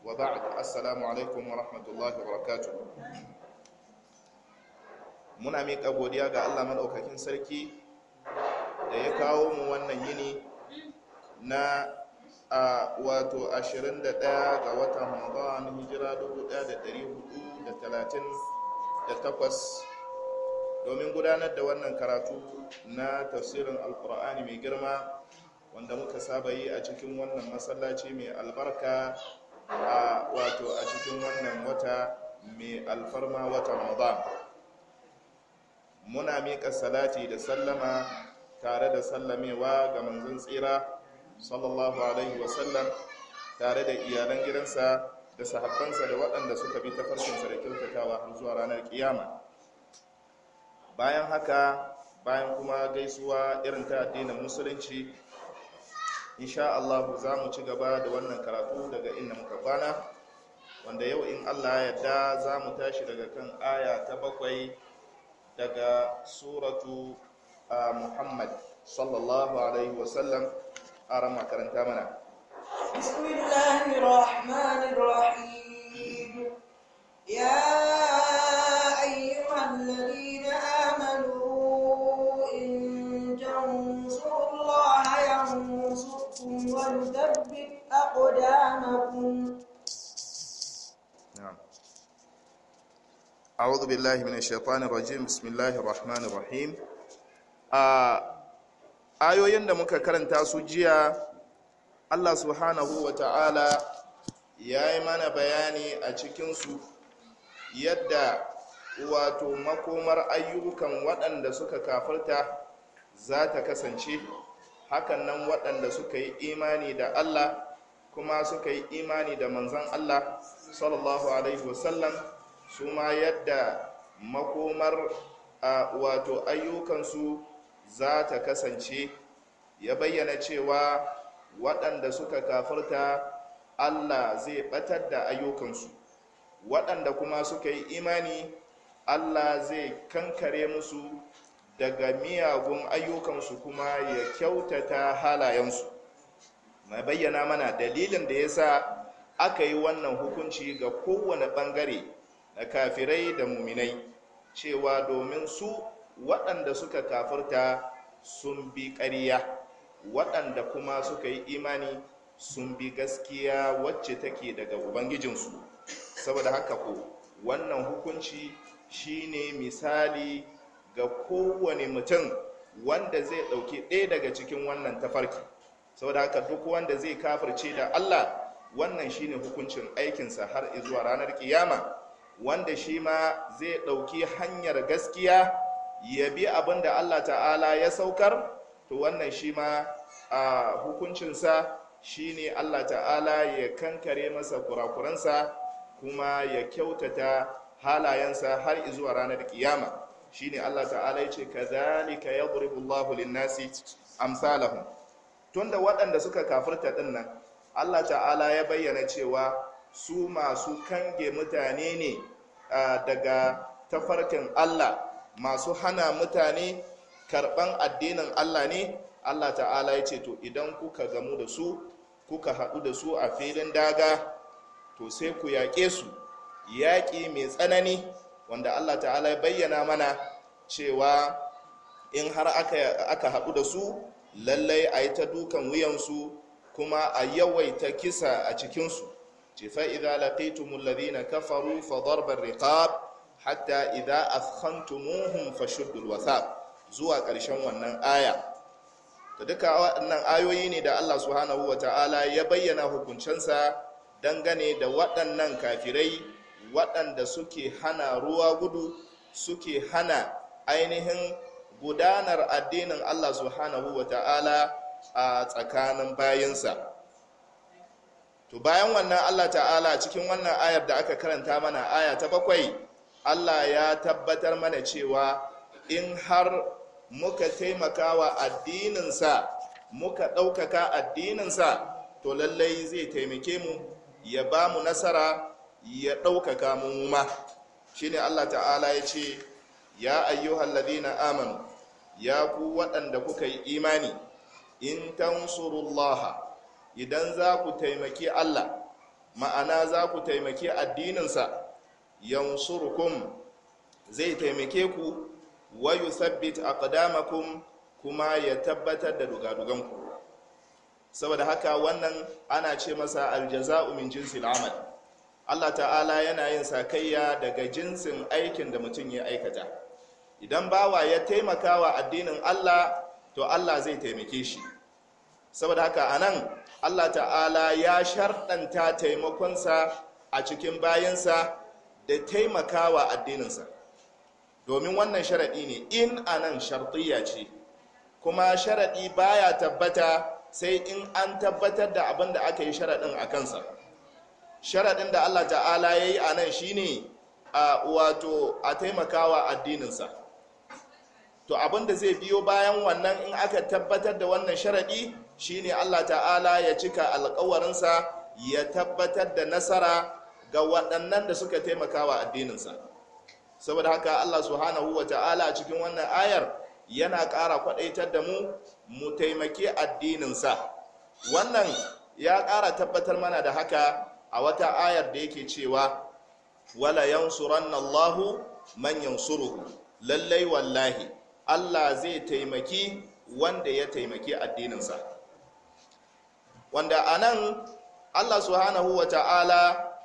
wa ba'd assalamu alaikum wa rahmatullahi wa barakatuh muna miƙa godiya ga Allah madaukakin sarki da ya kawo mu wannan yini na a wato 21 ga watan Ramadan hijira 1438 domin gudanar da wannan karatu na tafsirin alkur'ani mai girma wanda muka saba yi a cikin wannan masallaci mai albarka a wato a cikin wannan wata mai alfarma wata ramadan muna miƙa salati da sallama tare da sallamewa ga manzon tsira sallallahu alaihi wasallam tare da iyalan gidansa da sahabbansa da waɗanda suka bi ta farkonsa da kyautatawa har zuwa ranar kiyama bayan haka bayan kuma gaisuwa irin ta addinin musulunci insha Allah za mu ci gaba da wannan karatu daga inna muka kwana wanda yau in Allah ya yarda za mu tashi daga kan aya ta bakwai daga suratu Muhammad sallallahu alaihi wasallam a karanta mana أعوذ بالله من الشيطان الرجيم بسم الله الرحمن الرحيم ayoyin da muka karanta su jiya Allah subhanahu wa ta'ala ya yi mana bayani a cikinsu yadda wato makomar ayyukan waɗanda suka kafarta za ta kasance hakan nan waɗanda suka yi imani da Allah kuma suka yi imani da manzan Allah sallallahu alaihi wasallam su ma yadda makomar a wato ayyukansu za ta kasance ya bayyana cewa waɗanda suka kafarta allah zai ɓatar da ayyukansu waɗanda kuma suka yi imani allah zai kankare musu daga miyagun ayyukansu kuma ya kyautata halayensu mai bayyana mana dalilin da ya sa aka yi wannan hukunci ga kowane ɓangare kafirai da muminai cewa domin su waɗanda suka kafirta sun bi ƙarya waɗanda kuma suka yi imani sun bi gaskiya wacce take daga ubangijinsu saboda haka ko wannan hukunci shine misali ga kowane mutum wanda zai ɗauki ɗaya daga cikin wannan tafarki saboda haka duk wanda zai kafirce da allah wannan shine hukuncin aikinsa har zuwa ranar kiyama wanda shi ma zai ɗauki hanyar gaskiya ya bi abin da Allah ta'ala ya saukar to wannan shi ma a hukuncinsa shi ne Allah ta'ala ya kankare masa kurakuransa kuma ya kyautata halayensa har izuwa ranar kiyama shi ne Allah ta'ala ya ce ka zalika ya buribullahu linnasi amsalahun tunda waɗanda suka kafirta ɗin nan Allah ta'ala ya bayyana cewa su masu kange mutane ne daga tafarkin Allah masu hana mutane karban addinin Allah ne Allah ta'ala ya ce to idan kuka gamu da su kuka haɗu da su a filin daga to sai ku yaƙe su yaƙi mai tsanani wanda Allah ta'ala ya bayyana mana cewa in har aka haɗu da su lallai a yi ta dukan wuyansu kuma a yawaita kisa a cikinsu ce fa idza laqitumul ladina kafaru fa darbar riqab hatta idza afkhantumuhum fashuddul wathaq zuwa ƙarshen wannan aya to duka waɗannan ayoyi ne da Allah subhanahu ta'ala ya bayyana hukuncinsa dangane da waɗannan kafirai waɗanda suke hana ruwa gudu suke hana ainihin gudanar addinin Allah subhanahu ta'ala a tsakanin bayansa. to bayan wannan allah ta'ala cikin wannan ayar da aka karanta mana aya ta bakwai allah ya tabbatar mana cewa in har muka taimaka wa addininsa muka ɗaukaka addininsa to lallai zai taimake mu ya ba mu nasara ya ɗaukaka mu ma shine allah ta'ala ya ce ya ayyuhal ladina amanu ya ku waɗanda kuka yi imani in tansurullaha idan za ku taimaki Allah ma'ana za ku taimaki addininsa yansurukum zai taimake ku wa yuthabbit aqdamakum kuma ya tabbatar da dugaduganku saboda haka wannan ana ce masa aljaza'u min jinsil amal Allah ta'ala yana yin sakayya daga jinsin aikin da mutum ya aikata idan bawa ya taimakawa addinin Allah to Allah zai taimake shi saboda haka anan allah ta'ala ya sharɗanta taimakonsa a cikin bayansa da taimakawa addininsa domin wannan sharaɗi ne in anan shartiya ce kuma sharaɗi baya tabbata sai in an tabbatar da abin da aka yi sharaɗin a kansa sharaɗin da allah ta'ala ya yi a nan shi ne a wato a taimakawa addininsa to abin da zai biyo bayan wannan in aka tabbatar da wannan sharaɗi shine Allah ta'ala ya cika alkawarinsa ya tabbatar da nasara ga waɗannan da suka taimakawa addininsa saboda haka Allah subhanahu wa ta'ala cikin wannan ayar yana ƙara kwaɗaitar da mu mu taimaki addininsa wannan ya ƙara tabbatar mana da haka a wata ayar da yake cewa wala yansuranna Allahu man yansuruhu lallai wallahi Allah zai taimaki wanda ya taimaki addininsa wanda anan Allah subhanahu wata'ala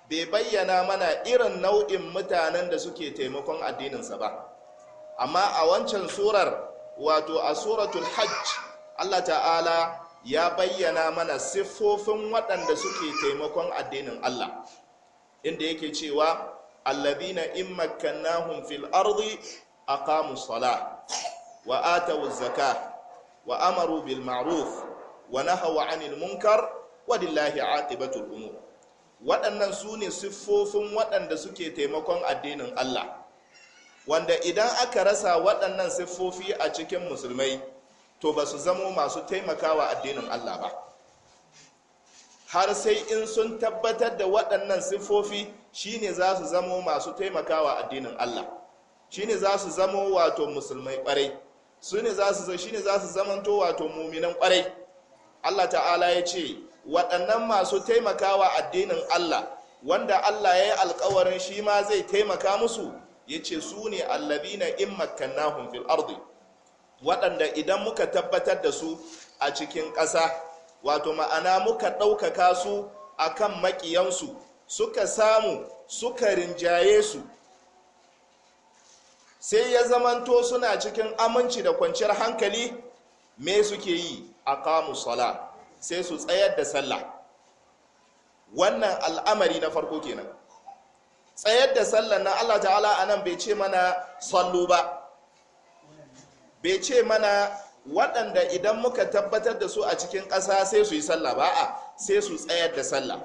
bai bayyana mana irin nau'in mutanen da suke taimakon addininsa ba amma a wancan surar wato a suratul hajj Allah ta'ala ya bayyana mana siffofin waɗanda suke taimakon addinin Allah inda yake cewa allazina in makkannahum fil ardi aqamu salah wa atawu zakah wa amaru bil ma'ruf wa nahawa anil munkar wa lillahi umur waɗannan su ne siffofin waɗanda suke taimakon addinin Allah wanda idan aka rasa waɗannan siffofi a cikin musulmai to ba su zamo masu taimakawa addinin Allah ba har sai in sun tabbatar da waɗannan siffofi shine za su zamo masu taimakawa addinin Allah shine za su zamo wato musulmai ƙwarai su ne za su zamanto wato muminan ƙwarai Allah ta'ala ya ce waɗannan masu taimakawa addinin Allah wanda Allah ya yi alkawarin shi ma zai taimaka musu ya ce su ne na in makanna hunfil ardi waɗanda idan muka tabbatar da su a cikin ƙasa wato ma'ana muka ɗaukaka su a kan maƙiyansu suka samu suka rinjaye su sai ya zamanto suna cikin aminci da kwanciyar hankali me suke yi a kamu sala sai su tsayar da sallah wannan al'amari na farko kenan tsayar da sallah na Allah ta'ala a nan bai ce mana sallu ba bai ce mana waɗanda idan muka tabbatar da su a cikin ƙasa sai su yi sallah ba a sai su tsayar da sallah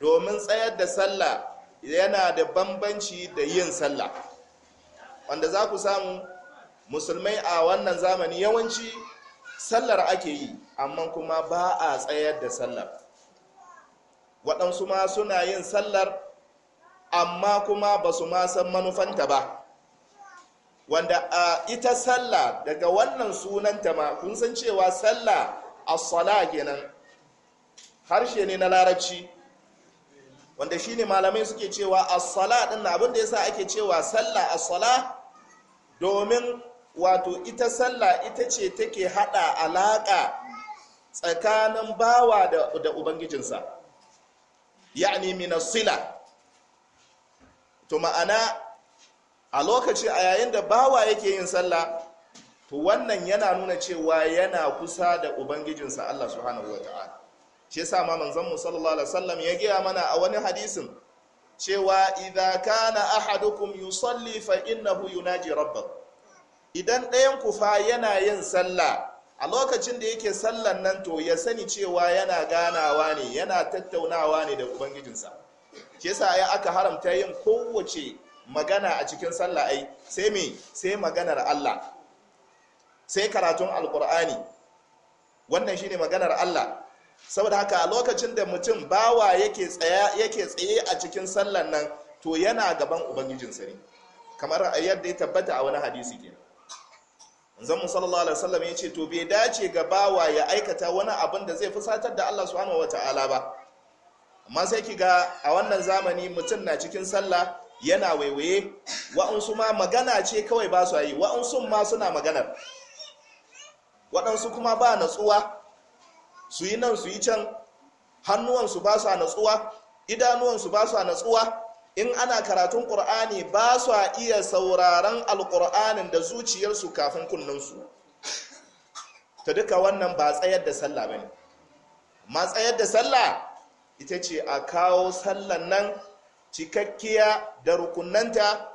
domin tsayar da sallah yana da bambanci da yin sallah wanda za ku samu musulmai a wannan zamani yawanci sallar ake yi amma kuma ba a tsayar da sallar waɗansu ma suna yin sallar amma kuma ba su ma san manufanta ba wanda a ita sallah daga wannan sunanta ma kun san cewa sallah as-sala kenan harshe ne na larabci wanda shine malamai suke cewa as-sala din abin da yasa ake cewa sallah as-sala domin wato ita sallah ita ce take hada alaka tsakanin bawa da, da ubangijinsa ya'ni minasila to ma'ana a lokaci a yayin da bawa yake yin sallah to wannan yana nuna cewa yana kusa da ubangijinsa Allah subhanahu wata'ala shi yasa ma manzon mu sallallahu alaihi wasallam ya gaya mana a wani hadisin cewa idza kana ahadukum yusalli fa innahu yunaji rabbahu idan ɗayan kufa yana yin sallah a lokacin da yake sallan nan to ya sani cewa yana ganawa ne yana tattaunawa ne da ubangijinsa ke sa ya aka haramta yin kowace magana a cikin sallah ai sai me sai maganar Allah sai karatun alkur'ani wannan shine maganar Allah saboda haka a lokacin da mutum bawa yake tsaye yake tsaye a cikin sallan nan to yana gaban ubangijinsa ne kamar yadda ya tabbata a wani hadisi kenan manzon sallallahu alaihi wasallam ya ce to bai dace ga bawa ya aikata wani abin da zai fusatar da Allah subhanahu wataala ba amma sai kiga a wannan zamani mutum na cikin sallah yana waiwaye wa'ansu ma magana ce kawai ba su yi wa'ansu ma suna maganar waɗansu kuma ba natsuwa su yi nan su yi can hannuwansu ba su natsuwa idanuwansu ba su natsuwa in ana karatun ƙur'ani ba su iya sauraron alƙur'anin da zuciyarsu kafin kunninsu ta duka wannan ba tsayar da sallah ba ne ma tsayar da sallah ita ce a kawo sallan nan cikakkiya da rukunanta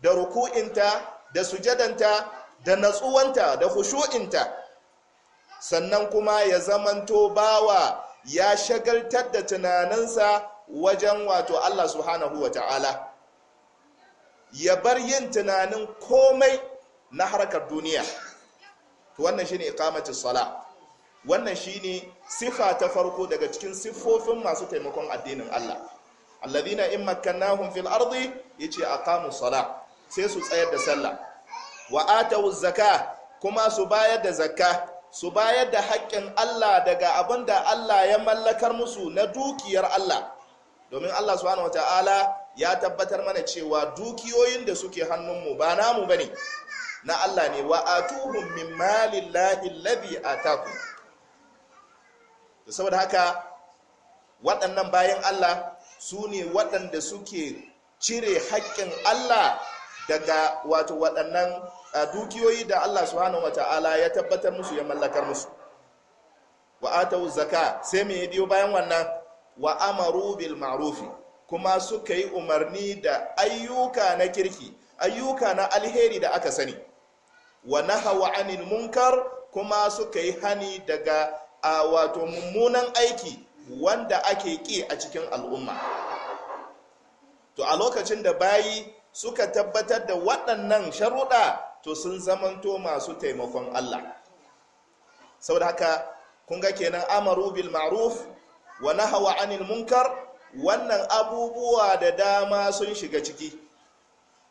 da ruku'inta da sujadanta da natsuwanta da hushu'inta sannan kuma ya zamanto bawa ya shagaltar da tunaninsa wajen wato Allah subhanahu wa ta'ala ya bar yin tunanin komai na harkar duniya wannan ne iqamatu sala wannan shine sifa ta farko daga cikin siffofin masu taimakon addinin Allah alladhina in makannahun fil ardi yace aqamu sala sai su tsayar da sallah wa zaka kuma su bayar da zakka su bayar da haƙƙin Allah daga abinda Allah ya mallakar musu na dukiyar Allah domin Allah subhanahu wataala ya tabbatar mana cewa dukiyoyin da suke hannunmu ba namu bane na Allah ne wa atuhum min malillahi alladhi atakum to saboda haka waɗannan bayan Allah su ne waɗanda suke cire haƙƙin Allah daga wato waɗannan dukiyoyi da Allah subhanahu wataala ya tabbatar musu ya mallakar musu wa atau zaka sai me biyo bayan wannan wa amaru bil ma'rufi kuma suka yi umarni da ayyuka na kirki ayyuka na alheri da aka sani wa nahawa anil munkar kuma suka yi hani daga a wato mummunan aiki wanda ake ƙi a cikin al'umma to a lokacin da bayi suka tabbatar da waɗannan sharuɗa to sun zamanto masu taimakon Allah saboda haka kun ga kenan amaru bil ma'ruf wa hawa anil munkar wannan abubuwa da dama sun shiga ciki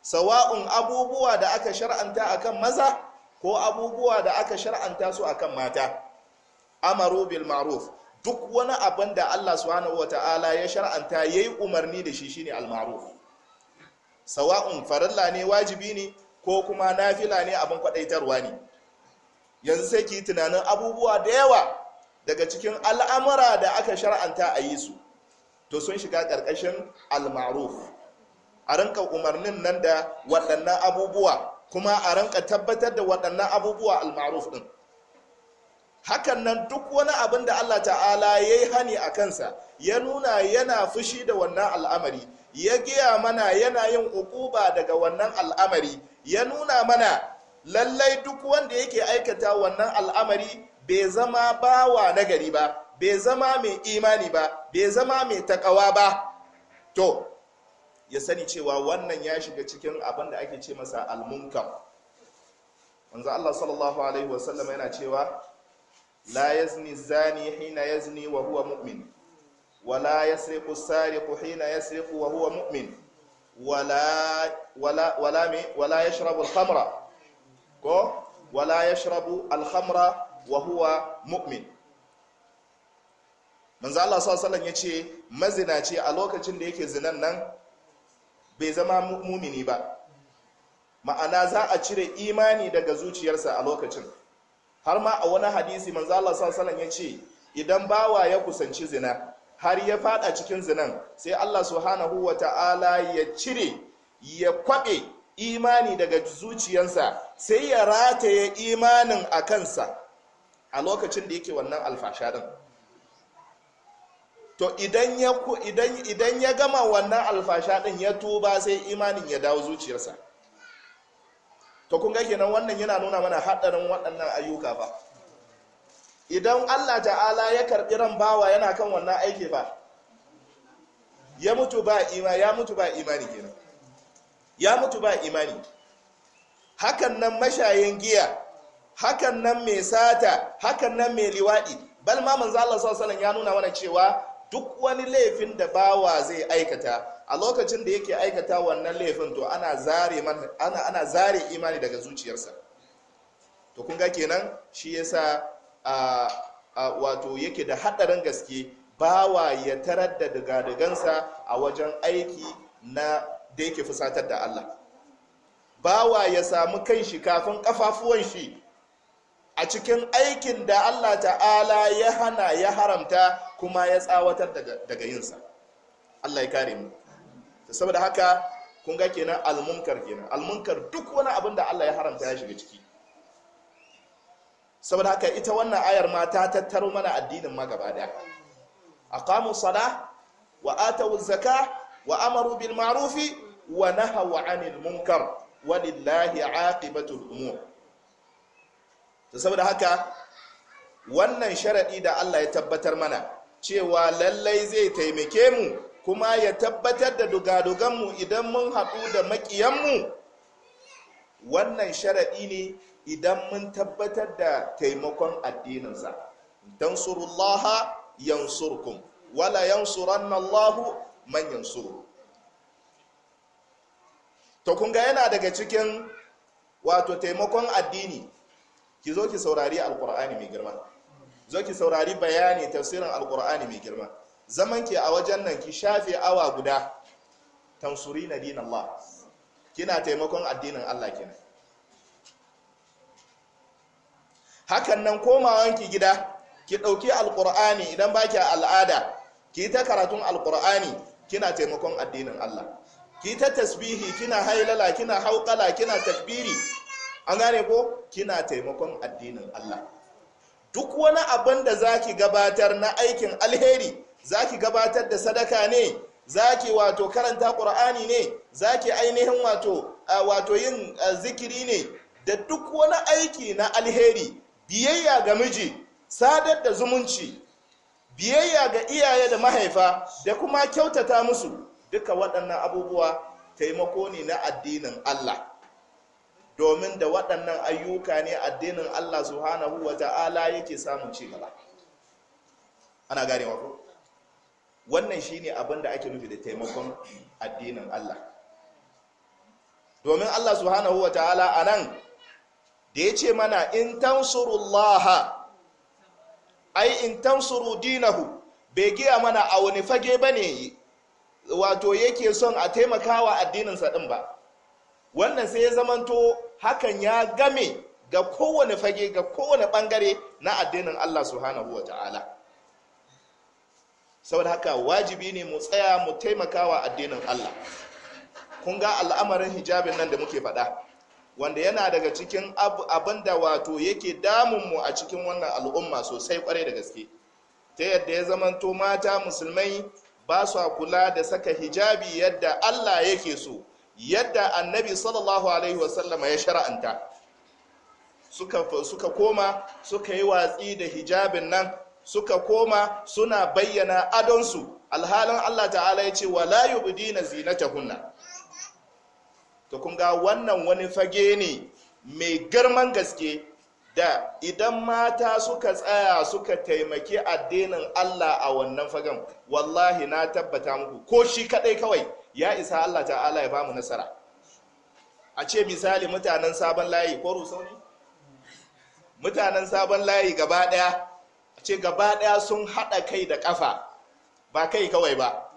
sawa'un abubuwa da aka shar'anta akan maza ko abubuwa da aka shar'anta su akan mata amaru bil ma'ruf duk wani abin da Allah subhanahu ta'ala ya shar'anta yayi umarni da shi shine al ma'ruf sawa'un farilla ne wajibi ne ko kuma nafila ne abin kwadaitarwa ne yanzu sai ki tunanin abubuwa da yawa daga cikin al'amura da aka shara'anta a yi su to sun shiga ƙarƙashin al a rinka umarnin nan da waɗannan abubuwa kuma a rinka tabbatar da waɗannan abubuwa al-ma'ruf ɗin hakan nan duk wani abin da Allah ta'ala ya yi hani a kansa ya nuna yana fushi da wannan al'amari ya giya mana yana yin ukuba daga wannan al'amari ya nuna mana lallai duk wanda yake aikata wannan al'amari bai zama bawa nagari ba bai zama mai imani ba bai zama mai takawa ba to ya sani cewa wannan ya shiga cikin abin da ake ce masa almunkar wanzu Allah sallallahu alaihi wasallam yana cewa la yazni zani hina yazni wa huwa mu'min wa la yasriqu sariqu hina yasriqu wa huwa mu'min wala wala wala me wala yashrabu al ko wala yashrabu al-khamra wa huwa mu'min manzo Allah sallallahu mazina ce mazinaci a lokacin da yake zinan nan bai zama mumini ba ma'ana za a cire imani daga zuciyarsa a lokacin har ma a wani hadisi manzo Allah sallallahu ya ce idan bawa ya kusanci zina har ya fada cikin zinan sai Allah subhanahu wata'ala ya cire ya kwabe imani daga zuciyarsa sai ya rataye imanin a kansa a lokacin da yake wannan alfasha din to idan ya gama wannan alfasha din ya tuba sai imanin ya dawo zuciyarsa to kun ga kenan wannan yana nuna mana haɗarin waɗannan ayyuka ba idan Allah ta'ala ya karɓi ran bawa yana kan wannan aiki ba ya mutu ba imani ya mutu ba imani kenan ya mutu ba imani hakan nan mashayin giya hakan nan mai sata hakan nan mai liwaɗi bal ma manzo Allah sallallahu ya nuna mana cewa duk wani laifin da bawa zai aikata a lokacin da yake aikata wannan laifin to ana zare ana ana zare imani daga zuciyarsa to kun ga kenan shi yasa a wato yake da hadarin gaske bawa ya tarar da dagansa a wajen aiki na da yake fusatar da Allah bawa ya samu kanshi kafin kafafuwan shi a cikin aikin da Allah ta'ala ya hana ya haramta kuma ya tsawatar daga yinsa Allah ya kare mu saboda haka kun ga kenan almunkar kenan almunkar duk wani abin da Allah ya haramta ya shiga ciki saboda haka ita wannan ayar ma ta tattaro mana addinin ma gaba daya aqamu sala wa atu zakah wa amaru bil ma'ruf wa nahaw 'anil munkar walillahi 'aqibatul umur ta saboda haka wannan sharaɗi da Allah ya tabbatar mana cewa lallai zai taimake mu kuma ya tabbatar da mu idan mun haɗu da maƙiyanmu wannan sharaɗi ne idan mun tabbatar da taimakon addininsa yan surkun wala na Allahu manyan suru to kunga yana daga cikin wato taimakon addini ki zo ki saurari alkur'ani mai girma zo ki saurari bayani tafsirin alkur'ani mai girma zaman ki a wajen nan ki shafe awa guda tansuri na dinin Allah kina taimakon addinin Allah kenan hakan nan ki gida ki ɗauki alkur'ani idan baki al'ada ki ta karatun alkur'ani kina taimakon addinin Allah ki ta tasbihi kina hailala kina haukala, kina takbiri an gane ko kina taimakon addinin Allah duk wani abin da zaki gabatar na aikin alheri zaki gabatar da sadaka ne zaki wato karanta qur'ani ne zaki ainihin wato wato yin zikiri ne da duk wani aiki na alheri biyayya ga miji sadar da zumunci biyayya ga iyaye da mahaifa da kuma kyautata musu duka waɗannan abubuwa taimako ne na addinin Allah domin da waɗannan ayyuka ne addinin Allah subhanahu wa ta'ala yake samun ci gaba ana gane wato. wannan ne abin da ake nufi da taimakon addinin Allah domin Allah subhanahu wa ta'ala nan, da ya ce mana in tansurullaha ai in tansuru dinahu bai giya mana a wani fage ba ne wato yake son a taimakawa addininsa din ba wannan sai ya zamanto hakan ya game ga kowane fage ga kowane bangare na addinin Allah subhanahu wa ta'ala saboda haka wajibi ne mu tsaya mu taimakawa addinin Allah kun ga al'amarin hijabin nan da muke faɗa wanda yana daga cikin abin da wato yake damunmu a cikin wannan al'umma sosai kwarai da gaske ta yadda ya zamanto mata musulmai ba su kula da saka hijabi yadda Allah yake so yadda annabi sallallahu alaihi wasallama ya shara'anta suka, koma suka yi watsi da hijabin nan suka koma suna bayyana adonsu alhalin allah ta'ala ya ce wa la zina ta hunna ta kunga wannan wani fage ne mai girman gaske da idan mata suka tsaya suka taimaki addinin Allah a wannan fagen wallahi na tabbata muku ko shi kadai kawai ya isa Allah ta'ala ya ba mu nasara a ce misali mutanen sabon layi ko rusau ne mutanen sabon layi gaba daya a ce gaba daya sun hada kai da kafa ba kai kawai ba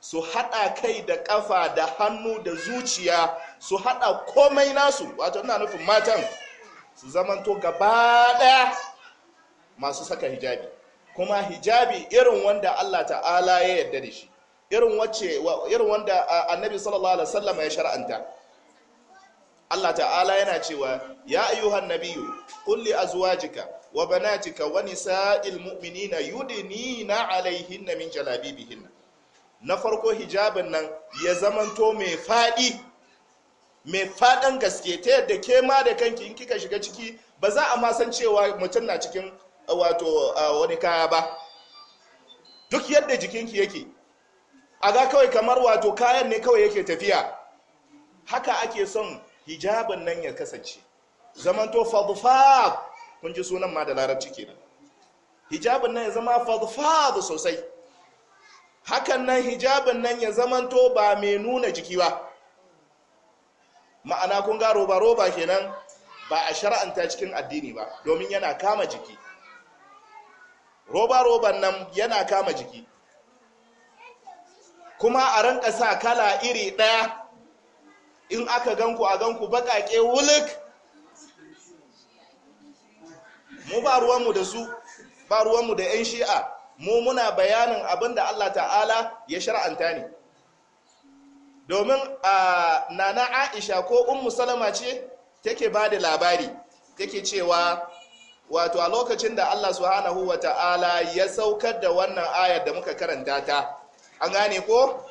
su hada kai da kafa da hannu da zuciya su hada komai nasu wato ina nufin matan su zamanto gaba daya masu saka hijabi kuma hijabi irin wanda Allah ta'ala ya yarda da shi irin wacce irin wanda annabi sallallahu alaihi wasallam ya shar'anta Allah ta'ala yana cewa ya ayyuhan nabiyyu qul li azwajika wa banatika wa nisa'il mu'minina yudnina alaihinna min jalabibihinna na farko hijabin nan ya zamanto mai fadi mai fadan gaske ta yadda ke ma da kanki in kika shiga ciki ba za a ma san cewa mutum na cikin wato wani kaya ba duk yadda jikinki yake a ga kawai kamar wato kayan ne kawai yake tafiya haka ake son hijabin nan ya kasance zamanto fadfad kun ji sunan ma da larabci ke nan. hijabin nan ya zama fadfad sosai hakan nan hijabin nan ya zamanto ba mai nuna jiki ba ma'ana kun ga roba roba kenan ba a shara'anta cikin addini ba domin yana kama jiki roba roban nan yana kama jiki kuma a ranka sa kala iri ɗaya in aka ganku a ganku baƙaƙe wulik mu ba ruwanmu da su ba ruwanmu da 'yan shi'a mu muna bayanin abin da Allah ta'ala ya shar'anta ne domin a nana aisha ko ummu salama ce take ba da labari take cewa wato a lokacin da Allah hana wa ta'ala ya saukar da wannan ayar da muka karanta ta an gane ko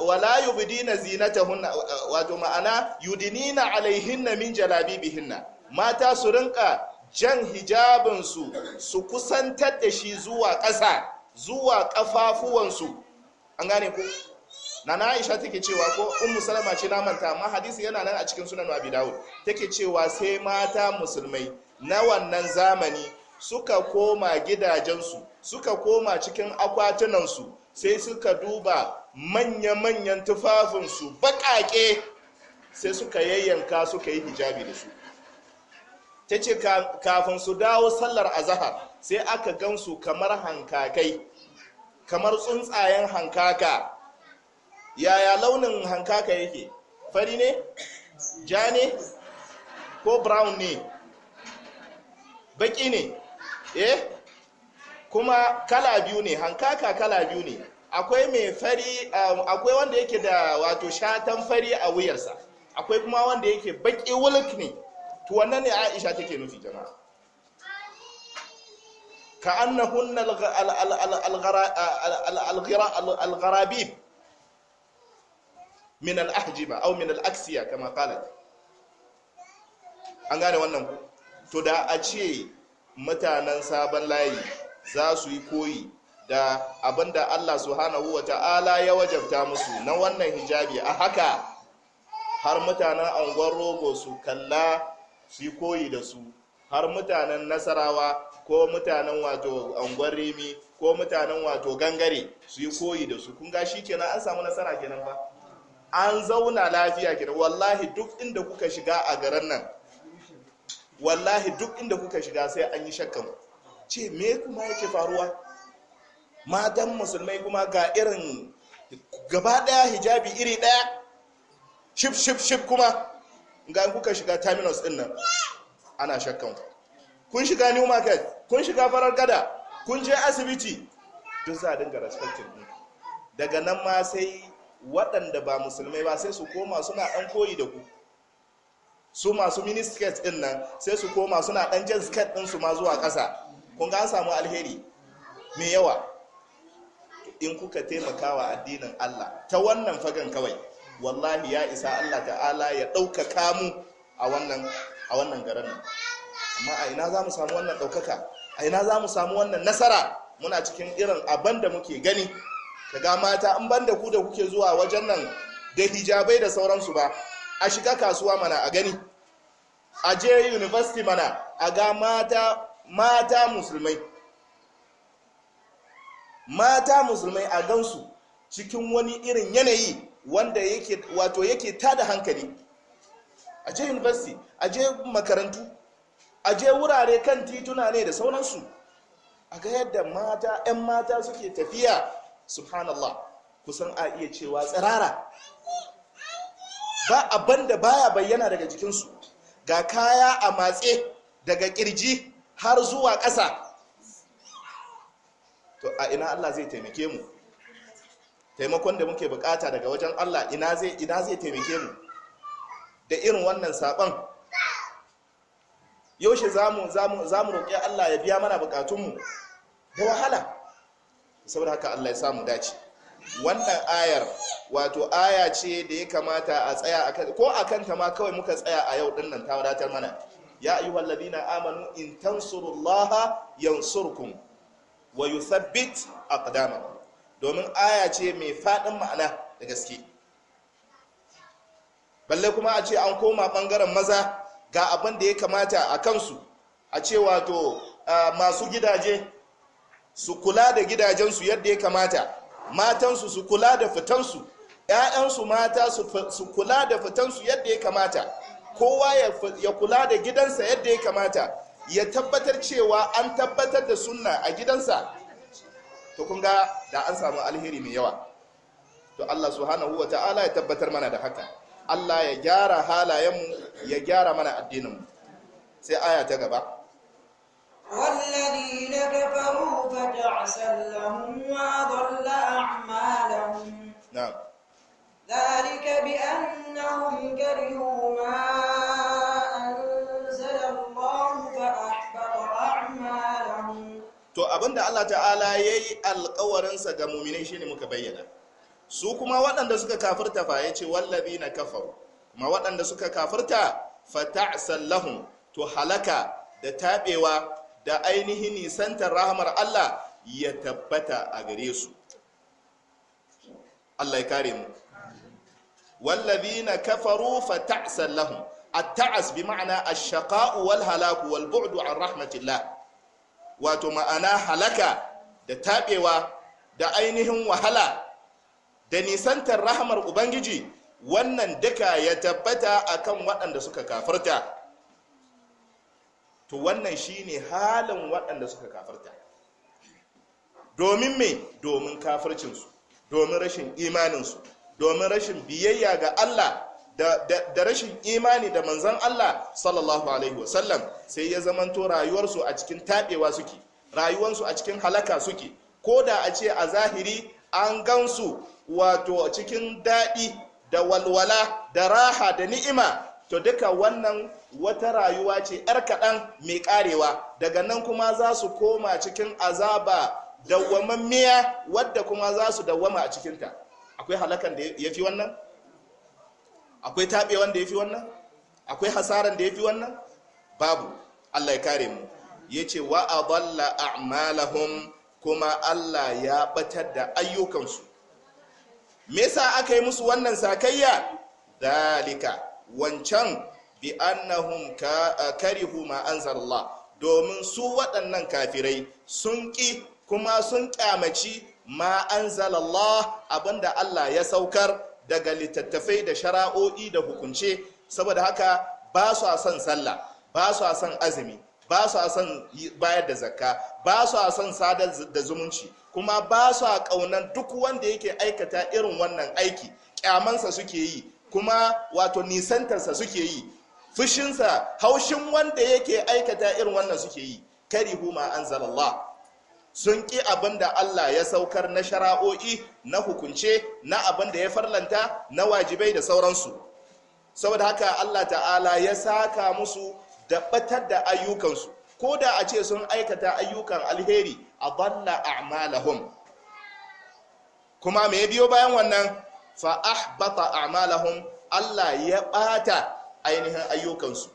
wala yubdina zinatahunna wato ma'ana yudinina alaihinna min jalabibihinna mata su rinka jan hijabinsu su kusantar da shi zuwa ƙasa zuwa ƙafafuwansu an gane ko nana aisha take cewa ko ummu salama ce na manta amma hadisi yana nan a cikin sunan abi dawud take cewa sai mata musulmai na wannan zamani suka koma gidajensu suka koma cikin akwatunansu sai suka duba manya-manyan tufafinsu baƙaƙe sai suka yayyanka suka yi hijabi da su ta ce kafin su dawo sallar azahar sai aka gansu kamar hankakai kamar tsuntsayen hankaka yaya launin hankaka yake fari ne ja ne ko brown ne baƙi ne eh kuma kala biyu ne hankaka kala biyu ne akwai mai fari um, akwai wanda yake da wato shatan fari a wuyarsa akwai kuma wanda yake baki wulk ne to wannan ne Aisha take nufi jama'a ka annahunna al-gharabib min al-ahjiba aw min al-aksiya kama qalat an gane wannan to da a ce mutanen sabon layi za su yi koyi da abinda Allah subhanahu wa ta'ala ya wajabta musu na wannan hijabi a haka har mutanen angon rogo su kalla su yi koyi da su har mutanen nasarawa ko mutanen wato angon remi ko mutanen wato gangare su yi koyi da su kun shi kenan an samu nasara kenan ba an zauna lafiya kenan wallahi duk inda kuka shiga a garin nan wallahi duk inda kuka shiga sai an yi shakka ce me kuma yake faruwa matan musulmai kuma ga irin gaba daya hijabi iri daya shif shif shif kuma ga kuka shiga terminus din nan ana shakkan ku. kun shiga new market kun shiga farar gada kun je asibiti duk za a dinga respecting din daga nan ma sai waɗanda ba musulmai ba sai su koma suna ɗan koyi da ku su masu mini skirt din nan sai su koma suna ɗan jeans skirt din su ma zuwa ƙasa kun ga samu alheri mai yawa in kuka taimakawa addinin Allah ta wannan fagan kawai wallahi ya isa Allah ta'ala ya ɗaukaka mu a wannan a wannan garin nan amma a ina za mu samu wannan ɗaukaka a ina za mu samu wannan nasara muna cikin irin abin da muke gani kaga mata in banda ku da kuke zuwa wajen nan da hijabai da sauransu ba a shiga kasuwa mana a gani a je university mana a ga mata mata musulmai mata musulmai a gansu cikin wani irin yanayi wanda yake wato yake tada hankali a je university a je makarantu a je wurare kan tituna ne da sauransu a ga yadda mata 'yan mata suke tafiya subhanallah kusan a iya cewa tsirara ba abin da baya bayyana daga jikinsu ga kaya a matse daga kirji har zuwa ƙasa to a ina Allah zai taimake mu taimakon da muke bukata daga wajen Allah ina zai taimake mu da irin wannan saban yaushe zamu zamu roƙi Allah ya biya mana bukatunmu da wahala saboda haka Allah ya samu dace wannan ayar wato aya ce da ya kamata a tsaya ko a kanta ma kawai muka tsaya a yau dinnan ta wadatar mana ya ayyuhal ladina amanu in tansurullaha yansurkum wa yuthabbit aqdamakum domin aya ce mai fadin ma'ana da gaske balle kuma a ce an koma bangaren maza ga abin da ya kamata a kansu a ce wato masu gidaje su kula da gidajensu yadda ya kamata matansu su kula da fitansu ‘ya'yansu mata su kula da fitansu yadda ya kamata kowa ya kula da gidansa yadda ya kamata ya tabbatar cewa an tabbatar da sunna a gidansa to kun ga da an samu alheri mai yawa to Allah subhanahu wa ta'ala ya tabbatar mana da haka Allah ya gyara halayenmu ya gyara mana addininmu sai aya ta gaba ذلك بأنهم كرهوا ما أنزل الله فأحبط أعمالهم to abinda Allah ta'ala yayi alkawarinsa ga mu'minai shine muka bayyana su kuma waɗanda suka kafirta fa wallafi na kafar. kuma waɗanda suka kafirta fata sallahun to halaka da taɓewa da ainihin nisantar rahmar Allah ya tabbata a gare su Allah ya kare mu wallazina kafaru fata'sal lahum at-ta'as bi ma'ana ash-shaqa'u wal halaku wal an rahmatillah wato ma'ana halaka da tabewa da ainihin wahala da nisantar rahmar ubangiji wannan duka ya tabbata akan waɗanda suka kafarta to wannan shine halin waɗanda suka kafarta domin me domin kafircinsu domin rashin imaninsu domin rashin biyayya ga Allah da rashin imani da manzan Allah sallallahu alaihi wasallam sai ya zamanto rayuwarsu a cikin taɓewa suke rayuwarsu a cikin halaka suke ko da a ce a zahiri an gansu wato cikin daɗi da walwala da raha da ni'ima to duka wannan wata rayuwa ce 'yar kaɗan mai ƙarewa daga nan kuma za su koma cikin azaba dawwamammiya wadda kuma za su dawwama a cikinta akwai halakan da ya fi wannan akwai taɓewan da ya fi wannan akwai hasaran da ya fi wannan babu allah ya kare mu ya ce wa a balla a'malahum kuma allah ya batar da ayyukansu me sa aka yi musu wannan sakayya dalika wancan bi annahum karihu ma domin su waɗannan kafirai sun ƙi kuma sun ƙyamaci ma an zalallah abinda Allah ya saukar daga littattafai da shara'o'i da hukunce saboda haka ba su son sallah ba su son azumi ba su son bayar da zakka ba su son sadar da zumunci kuma ba su kaunan duk wanda yake aikata irin wannan aiki kyamansa suke yi kuma wato nisantarsa suke yi fushinsa haushin wanda yake aikata irin wannan suke yi karihu ma anzalallah sun ƙi abin da Allah ya saukar na shara'o'i na hukunce na abin da ya farlanta na wajibai da sauransu saboda haka Allah ta'ala ya saka musu da batar da ayyukansu ko da a ce sun aikata ayyukan alheri a balla a'malahum kuma me biyo bayan wannan fa ahbata a'malahum Allah ya bata ainihin ayyukansu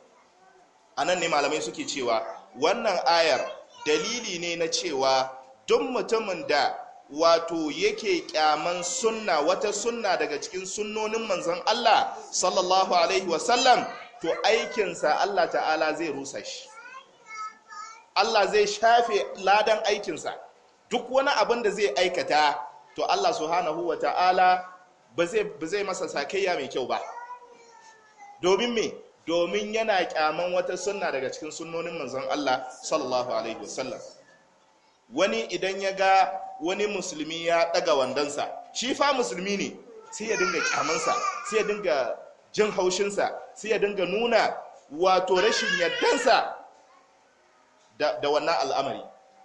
anan ne malamai suke cewa wannan ayar dalili ne na cewa duk mutumin da wato yake kyaman sunna wata sunna daga cikin sunnonin manzon Allah sallallahu alaihi wasallam to aikinsa Allah ta'ala zai rusa shi Allah zai shafe ladan aikinsa duk wani abin da zai aikata to Allah subhanahu wa ta'ala ba zai masa sakayya mai kyau ba domin me domin yana kyaman wata sunna daga cikin sunnonin manzon Allah sallallahu alaihi wasallam wani idan ya ga wani musulmi ya daga wandansa shi fa musulmi ne sai ya dinga kyamansa sai ya dinga jin haushinsa sai ya dinga nuna wato rashin yardansa da, wannan al'amari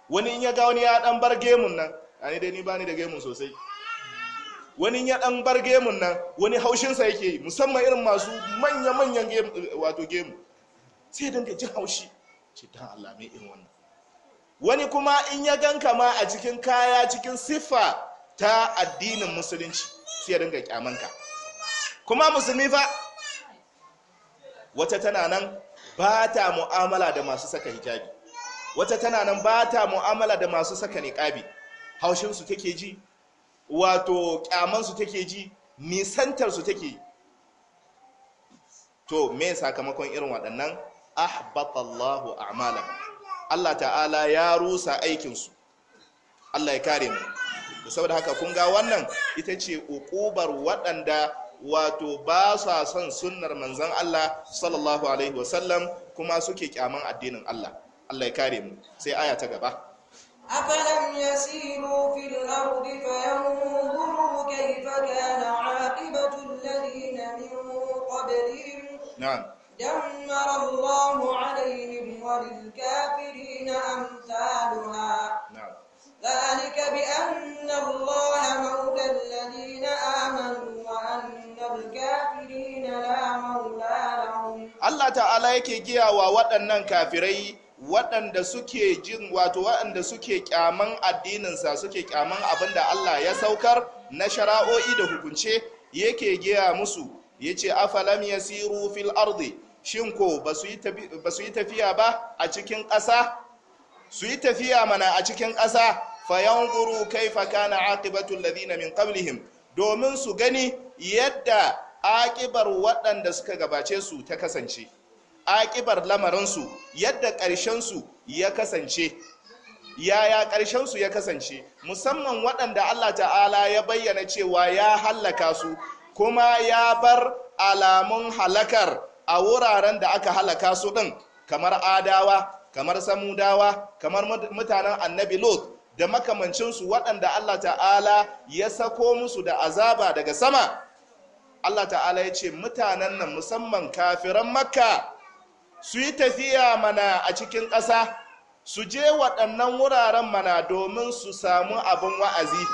wani in ya ga wani ya dan bar gemun nan ani dai ni bani da gemun sosai wani ya dan bar gemun nan wani haushinsa yake yi musamman irin masu manya-manyan wato gemu sai dinga jin haushi ce dan Allah mai irin wannan wani kuma in ya ganka ma a cikin kaya cikin siffa ta addinin musulunci sai ya dinga kyamanka kuma musulmi fa wata tana nan ba ta mu'amala da masu saka hijabi wata tana nan ba ta mu'amala da masu saka niqabi haushinsu take ji wato kyamansu take ji nisantarsu take to me sakamakon irin waɗannan ahbatallahu amala, Allah ta'ala ya rusa aikinsu Allah ya kare mu da saboda haka kun ga wannan ita ce ukubar waɗanda wato ba sa son sunnar manzon Allah sallallahu alaihi wasallam kuma suke kyaman addinin Allah Allah ya kare mu sai aya ta gaba أفلم يسيروا في الأرض فينظروا كيف كان عاقبة الذين من قبلهم نعم دمر الله عليهم وللكافرين أمثالها نعم ذلك بأن الله مولى الذين آمنوا وأن الكافرين لا مولى لهم الله تعالى يكي wa waɗannan kafirai waɗanda suke jin wato waɗanda suke kyaman addininsa suke kyaman abin da Allah ya saukar na shara'o'i da hukunce yake giya musu ya ce afalam ya siru fil arzi shin ko ba su yi tafiya ba a cikin ƙasa su yi tafiya mana a cikin ƙasa fayan guru kai fakana aqibatul ladina min qablihim domin su gani yadda aƙibar waɗanda suka gabace su ta kasance aƙibar lamarinsu yadda ƙarshensu ya kasance yaya ƙarshensu ya kasance musamman waɗanda allah ta'ala ya bayyana cewa ya hallaka su kuma ya bar alamun halakar a wuraren da aka halaka su ɗin kamar adawa kamar samudawa kamar mutanen annabi lot da makamancinsu waɗanda allah ta'ala ya sako musu da azaba daga sama allah ta'ala ya ce mutanen nan musamman kafiran makka su yi tafiya mana a cikin ƙasa su je waɗannan wuraren mana domin su samu abin wa'azi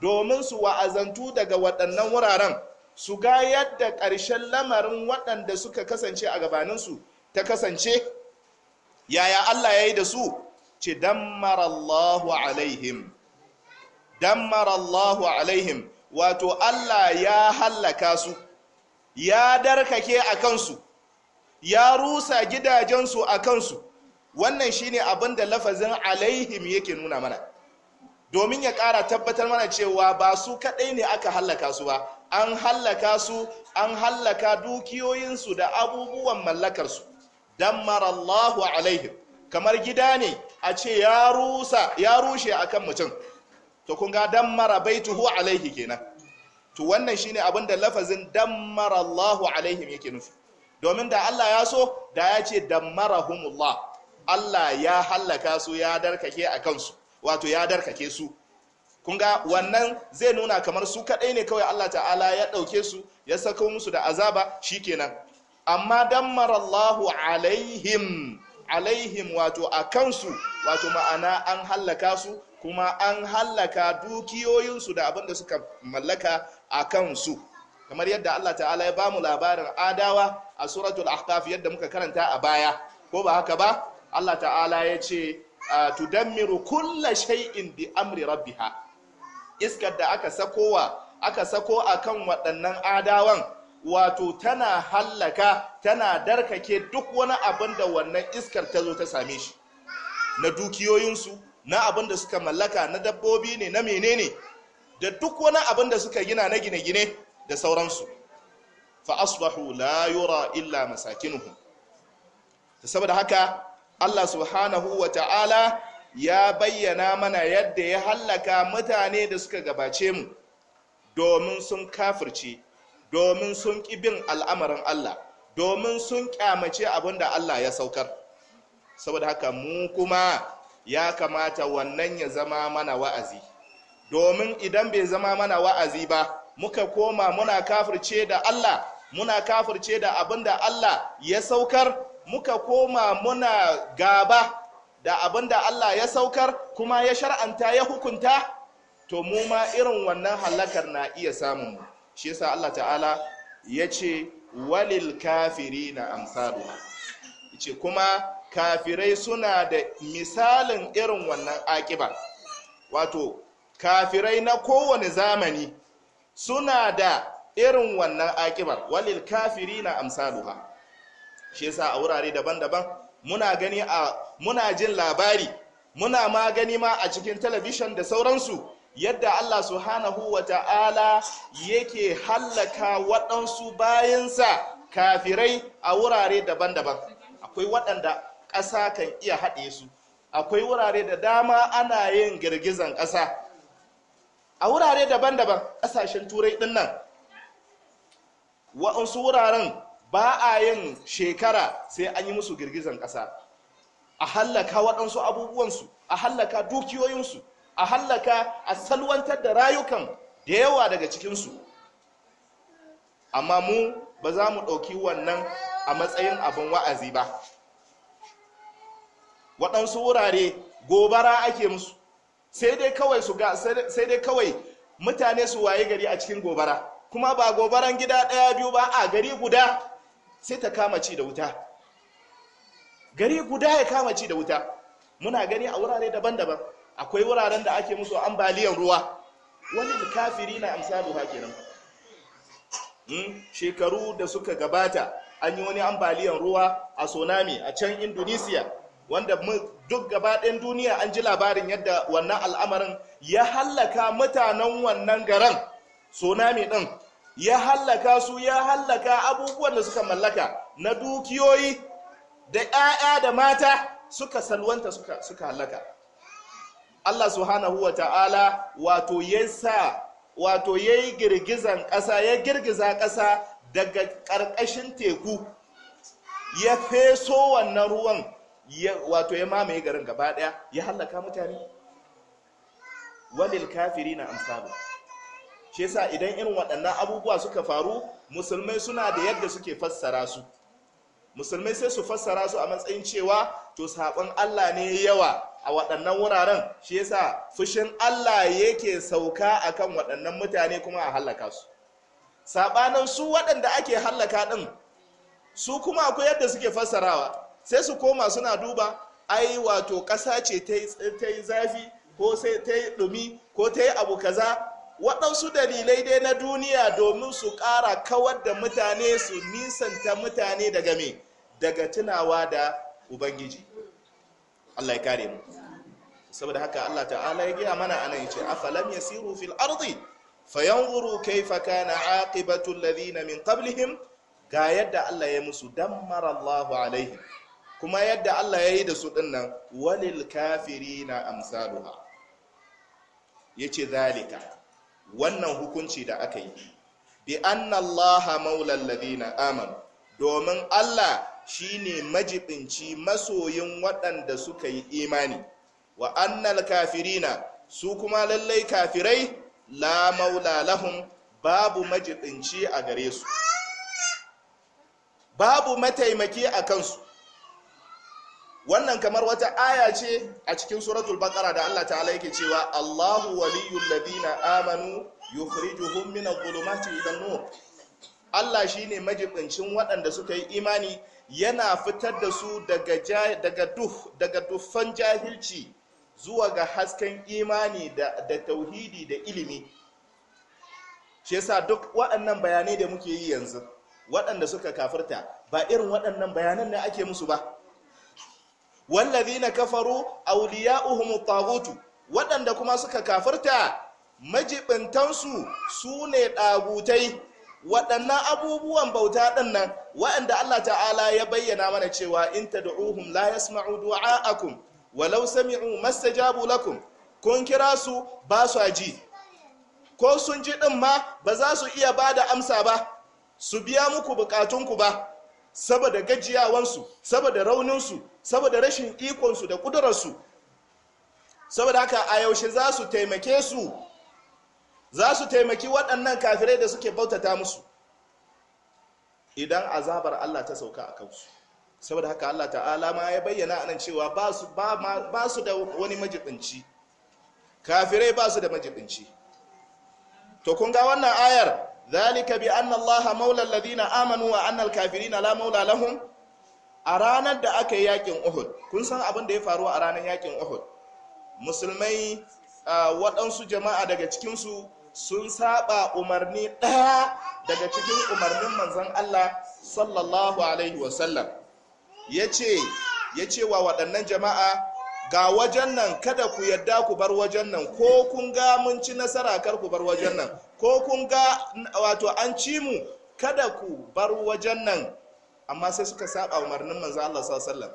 domin su wa'azantu daga waɗannan wuraren su ga yadda ƙarshen lamarin waɗanda suka kasance a gabaninsu ta kasance yaya Allah ya yi da su ce damarallahu alaihim Damarallahu alaihim wato Allah ya hallaka su ya darkake a kansu ya rusa gidajensu a kansu wannan shine abin da lafazin alaihim yake nuna mana domin ya kara tabbatar mana cewa ba su kaɗai ne aka hallaka su ba an hallaka su an hallaka dukiyoyinsu da abubuwan mallakarsu marallahu alaihim kamar gida ne a ce ya rusa ya rushe akan mutum to kun ga dammara baituhu alaihi kenan to wannan shine abin da lafazin dammarallahu alaihim yake nufi domin da Allah ya so da ya ce damarahumullah Allah ya hallaka su ya darkake a kansu wato ya darkake su kun ga wannan zai nuna kamar su kadai ne kawai Allah ta'ala ya dauke su ya sako musu da azaba shi shikenan amma damarallahu alaihim alaihim wato a kansu wato ma'ana an hallaka su kuma an hallaka dukiyoyinsu da abinda suka mallaka a kansu kamar yadda Allah ta'ala ya bamu labarin adawa a suratul ahqaf yadda muka karanta a baya ko ba haka ba Allah ta'ala ya ce tudammiru kulla shay'in bi amri rabbiha iskar da aka sakowa aka sako akan waɗannan adawan wato tana hallaka tana darkake duk wani abin da wannan iskar ta zo ta same shi na dukiyoyinsu na abin da suka mallaka na dabbobi ne na menene da duk wani abin da suka gina na gine-gine da sauransu fa asbahu la yura illa masakinuhum saboda haka Allah subhanahu wa ta'ala ya bayyana mana yadda ya hallaka mutane da suka gabace mu domin sun kafirce domin sun ƙi bin al'amarin Allah domin sun ƙyamace abin da Allah ya saukar saboda haka mu kuma ya kamata wannan ya zama mana wa'azi domin idan bai zama mana wa'azi ba muka koma muna kafirce da Allah muna kafirce da abin da Allah ya saukar muka koma muna gaba da abin da Allah ya saukar kuma ya shar'anta ya hukunta to mu ma irin wannan halakar na iya samun shi yasa Allah ta'ala ya ce walil kafiri na amsalu ce kuma kafirai suna da misalin irin wannan akiba wato kafirai na kowane zamani suna da irin wannan akibar walil kafirina amsaluha shi yasa a wurare daban-daban muna gani a muna jin labari muna ma gani ma a cikin talabishin da sauransu yadda Allah subhanahu wata'ala yake hallaka waɗansu bayansa kafirai a wurare daban-daban akwai waɗanda ƙasa kan iya haɗe su akwai wurare da dama ana yin girgizan ƙasa a wurare daban-daban ƙasashen turai ɗin nan wa'ansu wuraren ba a yin shekara sai an yi musu girgizan ƙasa a hallaka waɗansu abubuwansu a hallaka dukiyoyinsu a hallaka a salwantar da rayukan da yawa daga cikinsu amma mu ba za mu ɗauki wannan a matsayin abin wa'azi ba waɗansu wurare gobara ake musu sai dai kawai sai dai kawai mutane su waye gari a cikin gobara kuma ba gobaran gida ɗaya biyu ba a gari guda sai ta kama ci da wuta gari guda ya kama ci da wuta muna gani a wurare daban-daban akwai wuraren da ake musu ambaliyar ruwa wani kafiri na amsalu kenan hmm? shekaru da suka gabata an yi wani ambaliyar ruwa a tsunami a can indonesia wanda duk gabaɗayan duniya an ji labarin yadda wannan al'amarin ya hallaka mutanen wannan garan tsunami ɗin ya hallaka su ya hallaka abubuwan da suka mallaka na dukiyoyi da 'ya'ya da mata suka salwanta suka, suka hallaka Allah subhanahu wa ta'ala wato ya sa wato ya yi girgizan ƙasa ya girgiza ƙasa daga ƙarƙashin teku ya feso wannan ruwan wato ya mamaye garin gaba ɗaya ya hallaka mutane walil kafiri na amsalu shi yasa idan irin waɗannan abubuwa suka faru musulmai suna da yadda suke fassara su musulmai sai su fassara su a matsayin cewa to saɓon allah ne yawa a waɗannan wuraren shi yasa fushin allah yake sauka akan waɗannan mutane kuma a hallaka su saɓanin su waɗanda ake hallaka ɗin su kuma akwai yadda suke fassarawa sai su koma suna duba ai wato ƙasa ce ta yi zafi ko sai ta yi ɗumi ko ta yi abu kaza waɗansu dalilai dai na duniya domin su ƙara kawar da mutane su nisanta mutane daga me daga tunawa da ubangiji Allah ya kare mu saboda haka Allah ta'ala ya gaya mana anan ce afalam yasiru fil ardi fayanzuru kayfa kana aqibatu alladhina min qablihim ga yadda Allah ya musu dammara Allahu alaihim kuma yadda Allah ya yi da su dinnan walil kafirina amsaluha yace zalika wannan hukunci da aka yi bi annallaha maulal ladina amanu domin Allah shine majibinci masoyin waɗanda suka yi imani wa annal kafirina su kuma lallai kafirai la maula lahum babu majibinci a gare su babu mataimaki a kansu wannan kamar wata aya ce a cikin suratul baqara da Allah ta'ala yake cewa Allahu waliyul ladina amanu yukhrijuhum min adh-dhulumati ila an-nur Allah shine majibincin waɗanda suka yi imani yana fitar da su daga daga duh daga dufan jahilci zuwa ga hasken imani da da tauhidi da ilimi shi yasa duk waɗannan bayanai da muke yi yanzu waɗanda suka kafirta ba irin waɗannan bayanan ne ake musu ba wallazina kafaru awliya'uhum at waɗanda kuma suka kafirta majibintansu su ne ɗab'utai. waɗannan abubuwan bauta ɗin nan waɗanda Allah ta'ala ya bayyana mana cewa in tad'uhum la yasma'u du'a'akum walau sami'u mastajabu lakum kun kira su ba su ji ko sun ji ɗin ma ba za su iya bada amsa ba su biya muku bukatunku ba saboda gajiyawansu saboda rauninsu saboda rashin ikonsu da kudurarsu saboda haka a yaushe za su taimake su za su taimaki waɗannan kafirai da suke bautata musu idan azabar Allah ta sauka a kansu saboda haka Allah ta'ala ma ya bayyana anan cewa ba su da wani majibinci kafirai ba su da majibinci to kun ga wannan ayar zalika bi annallaha Allah maula amanu wa anna al-kafirina la maula a ranar da aka yi yakin Uhud kun san abin da ya faru a ranar yakin Uhud musulmai waɗansu jama'a daga cikinsu sun saɓa umarni ɗaya daga cikin umarnin manzon Allah sallallahu alaihi wasallam yace yace wa waɗannan jama'a ga wajen nan kada ku yadda ku bar wajen nan ko kun ga mun ci nasara kar ku bar wajen nan ko kun ga wato an ci mu kada ku bar wajen nan amma sai suka saba umarnin manzo Allah sallallahu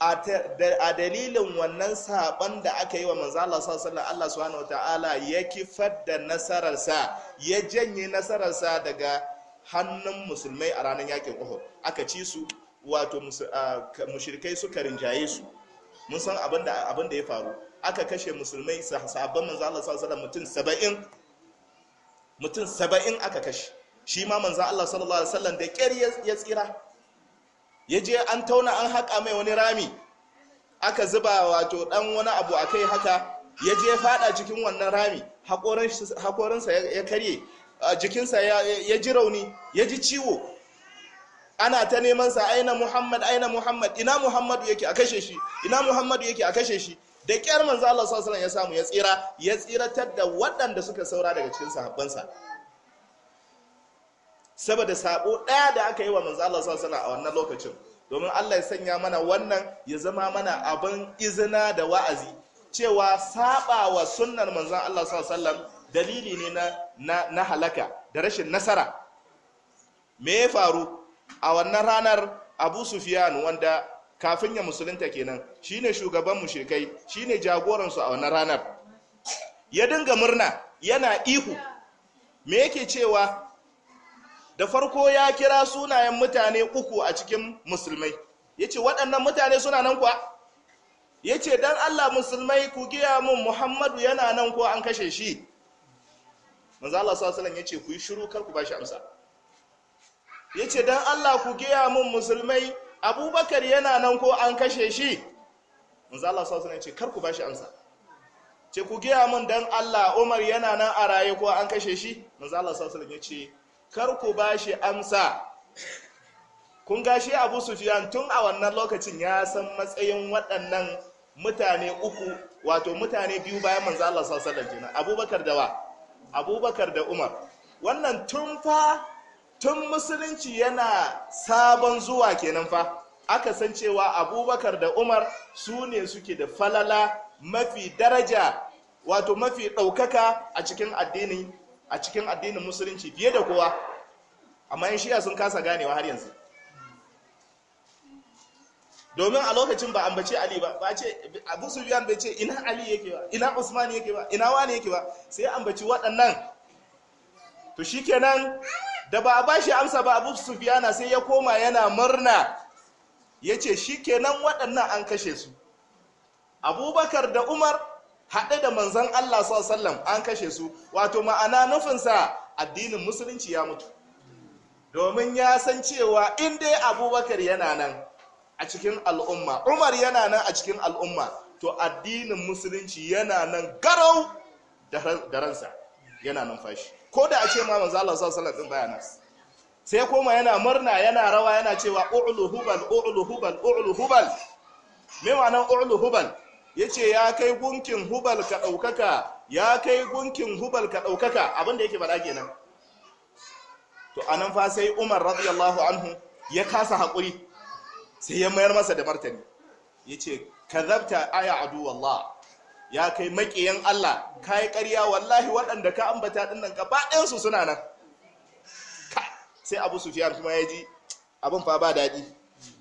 alaihi a dalilin wannan saban da aka yi wa manzo Allah Allah subhanahu ta'ala ya kifar da nasararsa ya janye nasararsa daga hannun musulmai a ranar yakin Uhud aka ci su wato mushrikai suka rinjaye su mun san abin da ya faru aka kashe musulmai sahabban manzo Allah sallallahu alaihi mutum 70 mutum saba'in aka kashe shi ma manzan Allah sallallahu alaihi wasallam da ƙyar ya tsira ya je an tauna an haƙa mai wani rami aka zuba wato ɗan wani abu a kai haka ya je faɗa cikin wannan rami haƙorinsa ya karye jikinsa ya ji rauni ya ji ciwo ana ta nemansa aina muhammad aina muhammad ina muhammadu yake a kashe shi ina muhammadu yake a kashe shi da kyar manzo Allah sallallahu alaihi ya samu ya tsira ya tsiratar da waɗanda suka saura daga cikin sahabbansa saboda sabo ɗaya da aka yi wa manzo Allah sallallahu alaihi a wannan lokacin domin Allah ya sanya mana wannan ya zama mana abin izina da wa'azi cewa saba wa sunnar manzo Allah sallallahu alaihi dalili ne na na halaka da rashin nasara me ya faru a wannan ranar Abu Sufyan wanda kafin ya musulunta kenan shine shugaban mushrikai shine jagoransu a wannan ranar ya dinga murna yana ihu me yake cewa da farko ya kira sunayen mutane uku a cikin musulmai yace waɗannan mutane suna nan kuwa yace dan Allah musulmai ku giya mun Muhammadu yana nan ko an kashe shi manzo Allah sallallahu alaihi yace ku yi shiru kar ku bashi amsa yace dan Allah ku giya mun musulmai abubakar yana nan ko an kashe shi manzo Allah sallallahu ce kar ku bashi amsa ce ku gaya min dan Allah Umar yana nan a raye ko an kashe shi manzo Allah ya ce kar ku bashi amsa kun gashi Abu Sufyan tun a wannan lokacin ya san matsayin waɗannan mutane uku wato mutane biyu bayan manzo Allah sallallahu alaihi wasallam Abubakar da wa Abubakar da Umar wannan tun fa tun musulunci yana sabon zuwa kenan fa aka san cewa abubakar da umar su ne suke da falala mafi daraja wato mafi ɗaukaka a cikin addinin a cikin addinin musulunci fiye da kowa amma yin shiya sun kasa ganewa har yanzu domin a lokacin ba ambace ali ba ba ce abu biyan bai ce ina ali yake ba ina usman yake ba ina wani yake ba sai ambaci waɗannan to shikenan da ba a bashi amsa ba abu sufiyana sai ya koma yana murna ya ce shi kenan waɗannan an kashe su abubakar da umar haɗe da manzan allah sallam an kashe su wato ma'ana nufinsa addinin musulunci ya mutu domin ya san cewa in dai abubakar yana nan a cikin al'umma umar yana nan a cikin al'umma to addinin musulunci yana nan garau da ransa yana numfashi ko da a ce ma manzo Allah sallallahu alaihi wasallam baya sai koma yana murna yana rawa yana cewa u'lu hubal u'lu hubal u'lu hubal me nan u'lu hubal yace ya kai gunkin hubal ka daukaka ya kai gunkin hubal ka daukaka abinda yake bada kenan to anan fa sai Umar radiyallahu anhu ya kasa hakuri sai ya mayar masa da martani yace kadhabta aya adu ya kai maƙiyan Allah ka yi ƙarya wallahi waɗanda ka ambata ɗin nan gaba ɗayansu suna nan sai abu sufiyar kuma ya ji abin fa ba daɗi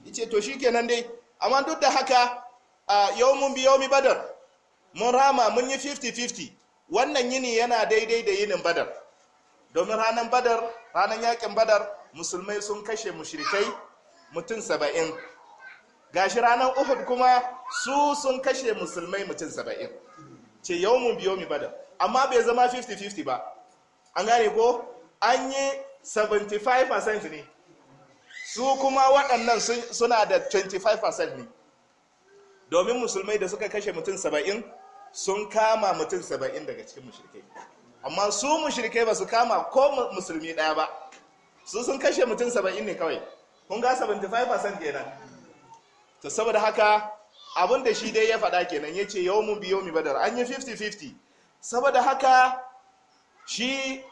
ya to shi kenan dai amma duk da haka a yau mun bi yaumi badar mun rama mun yi 50-50 wannan yini yana daidai da yinin badar domin ranar badar ranar yakin badar musulmai sun kashe mushrikai mutum saba'in gashi ranar uhud kuma su sun kashe musulmai mutum saba'in ce mun biyo mi badar amma bai zama 50-50 ba an gane ko an yi 75% ne su kuma waɗannan suna da 25% ne domin musulmai da suka kashe mutum saba'in sun kama mutum saba'in daga cikin mushrikai amma su mushrikai ba su kama ko musulmi ɗaya ba su sun kashe mutum saba'in ne kawai kun ga 75% kenan ta saboda haka abin da shi dai ya faɗa kenan ya ce yawon biyo mi badar an yi 50-50 saboda haka shi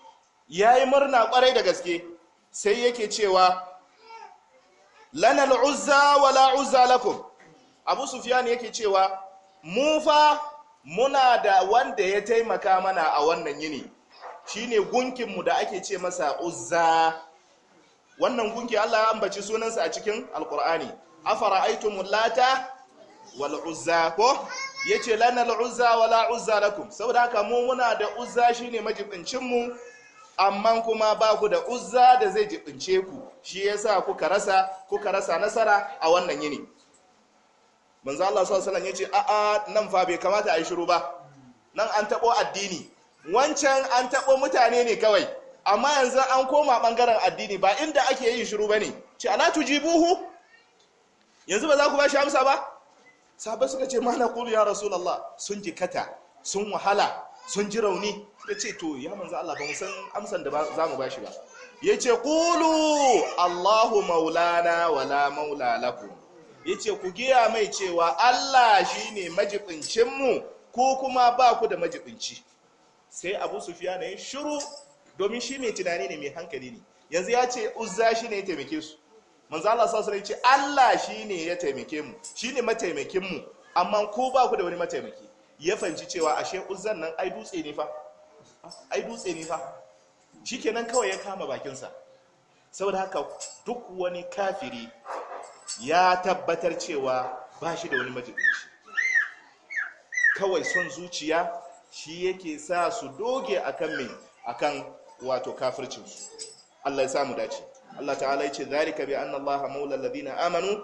ya yi murna kwarai da gaske sai yake cewa lanar uzza wala uzza lakum abu ne yake cewa mu fa muna da wanda ya taimaka mana a wannan yini shine gunkinmu da ake ce masa uzza wannan gunki allah ya ambaci sunansa a cikin alkur'ani afara aitu mulata wal'uzza ko ya ce lanar uzza wala uzza lakum saboda haka mu muna da uzza shine majibincinmu amma kuma ba ku da uzza da zai jibince ku shi sa kuka rasa kuka rasa nasara a wannan yini manzo Allah sallallahu alaihi yace a a nan fa bai kamata a yi shiru ba nan an tabo addini wancan an tabo mutane ne kawai amma yanzu an koma ɓangaren addini ba inda ake yin shiru bane ce ala tujibuhu yanzu ba za ku ba shi amsa ba sahabbai suka ce mana Kulu ya rasulullah sun jikata sun wahala sun ji rauni Suka ce to ya manzu Allah ba mu amsan da za mu ba shi ba ya ce Kulu! Allahu maulana wala maula ya ce ku giya mai cewa Allah shi shine majibincinmu ko kuma ba ku da majibinci sai Abu na yin shiru domin shi mai tunani ne mai hankali ne yanzu ya ce uzza shi ne ya taimake su manzo Allah sallallahu alaihi wasallam Allah shine ya taimake mu shine mataimakin mu amma ko ba ku da wani mataimaki ya fanci cewa ashe uzzan nan ai dutse ne fa ai dutse ne fa shikenan kawai ya kama bakinsa saboda haka duk wani kafiri ya tabbatar cewa ba shi da wani majibinci kawai son zuciya shi yake sa su doge akan mai akan wato kafircinsu Allah ya samu dace Allah ta'ala ya ce zalika bi anna Allah maula alladhina amanu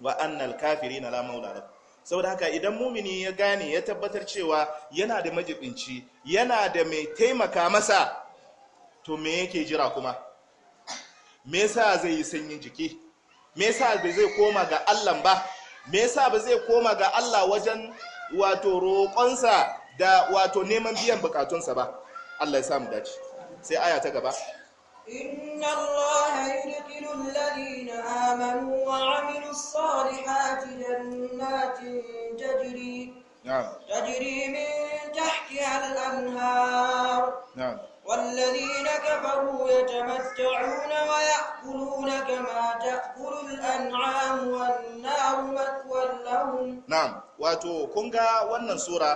wa anna al-kafirina la maula lahum saboda haka idan mumini ya gane ya tabbatar cewa yana da majibinci yana da mai taimaka masa to me yake jira kuma me yasa zai yi sanyi jiki me yasa ba zai koma ga Allah ba me yasa ba zai koma ga Allah wajen wato roƙonsa da wato neman biyan bukatunsa ba Allah ya samu dace sai aya ta gaba إن الله يدخل الذين آمنوا وعملوا الصالحات جنات تجري نعم تجري من تحتها الأنهار نعم والذين كفروا يتمتعون ويأكلون كما تأكل الأنعام والنار مثوى لهم نعم واتو كونغا ونن سورة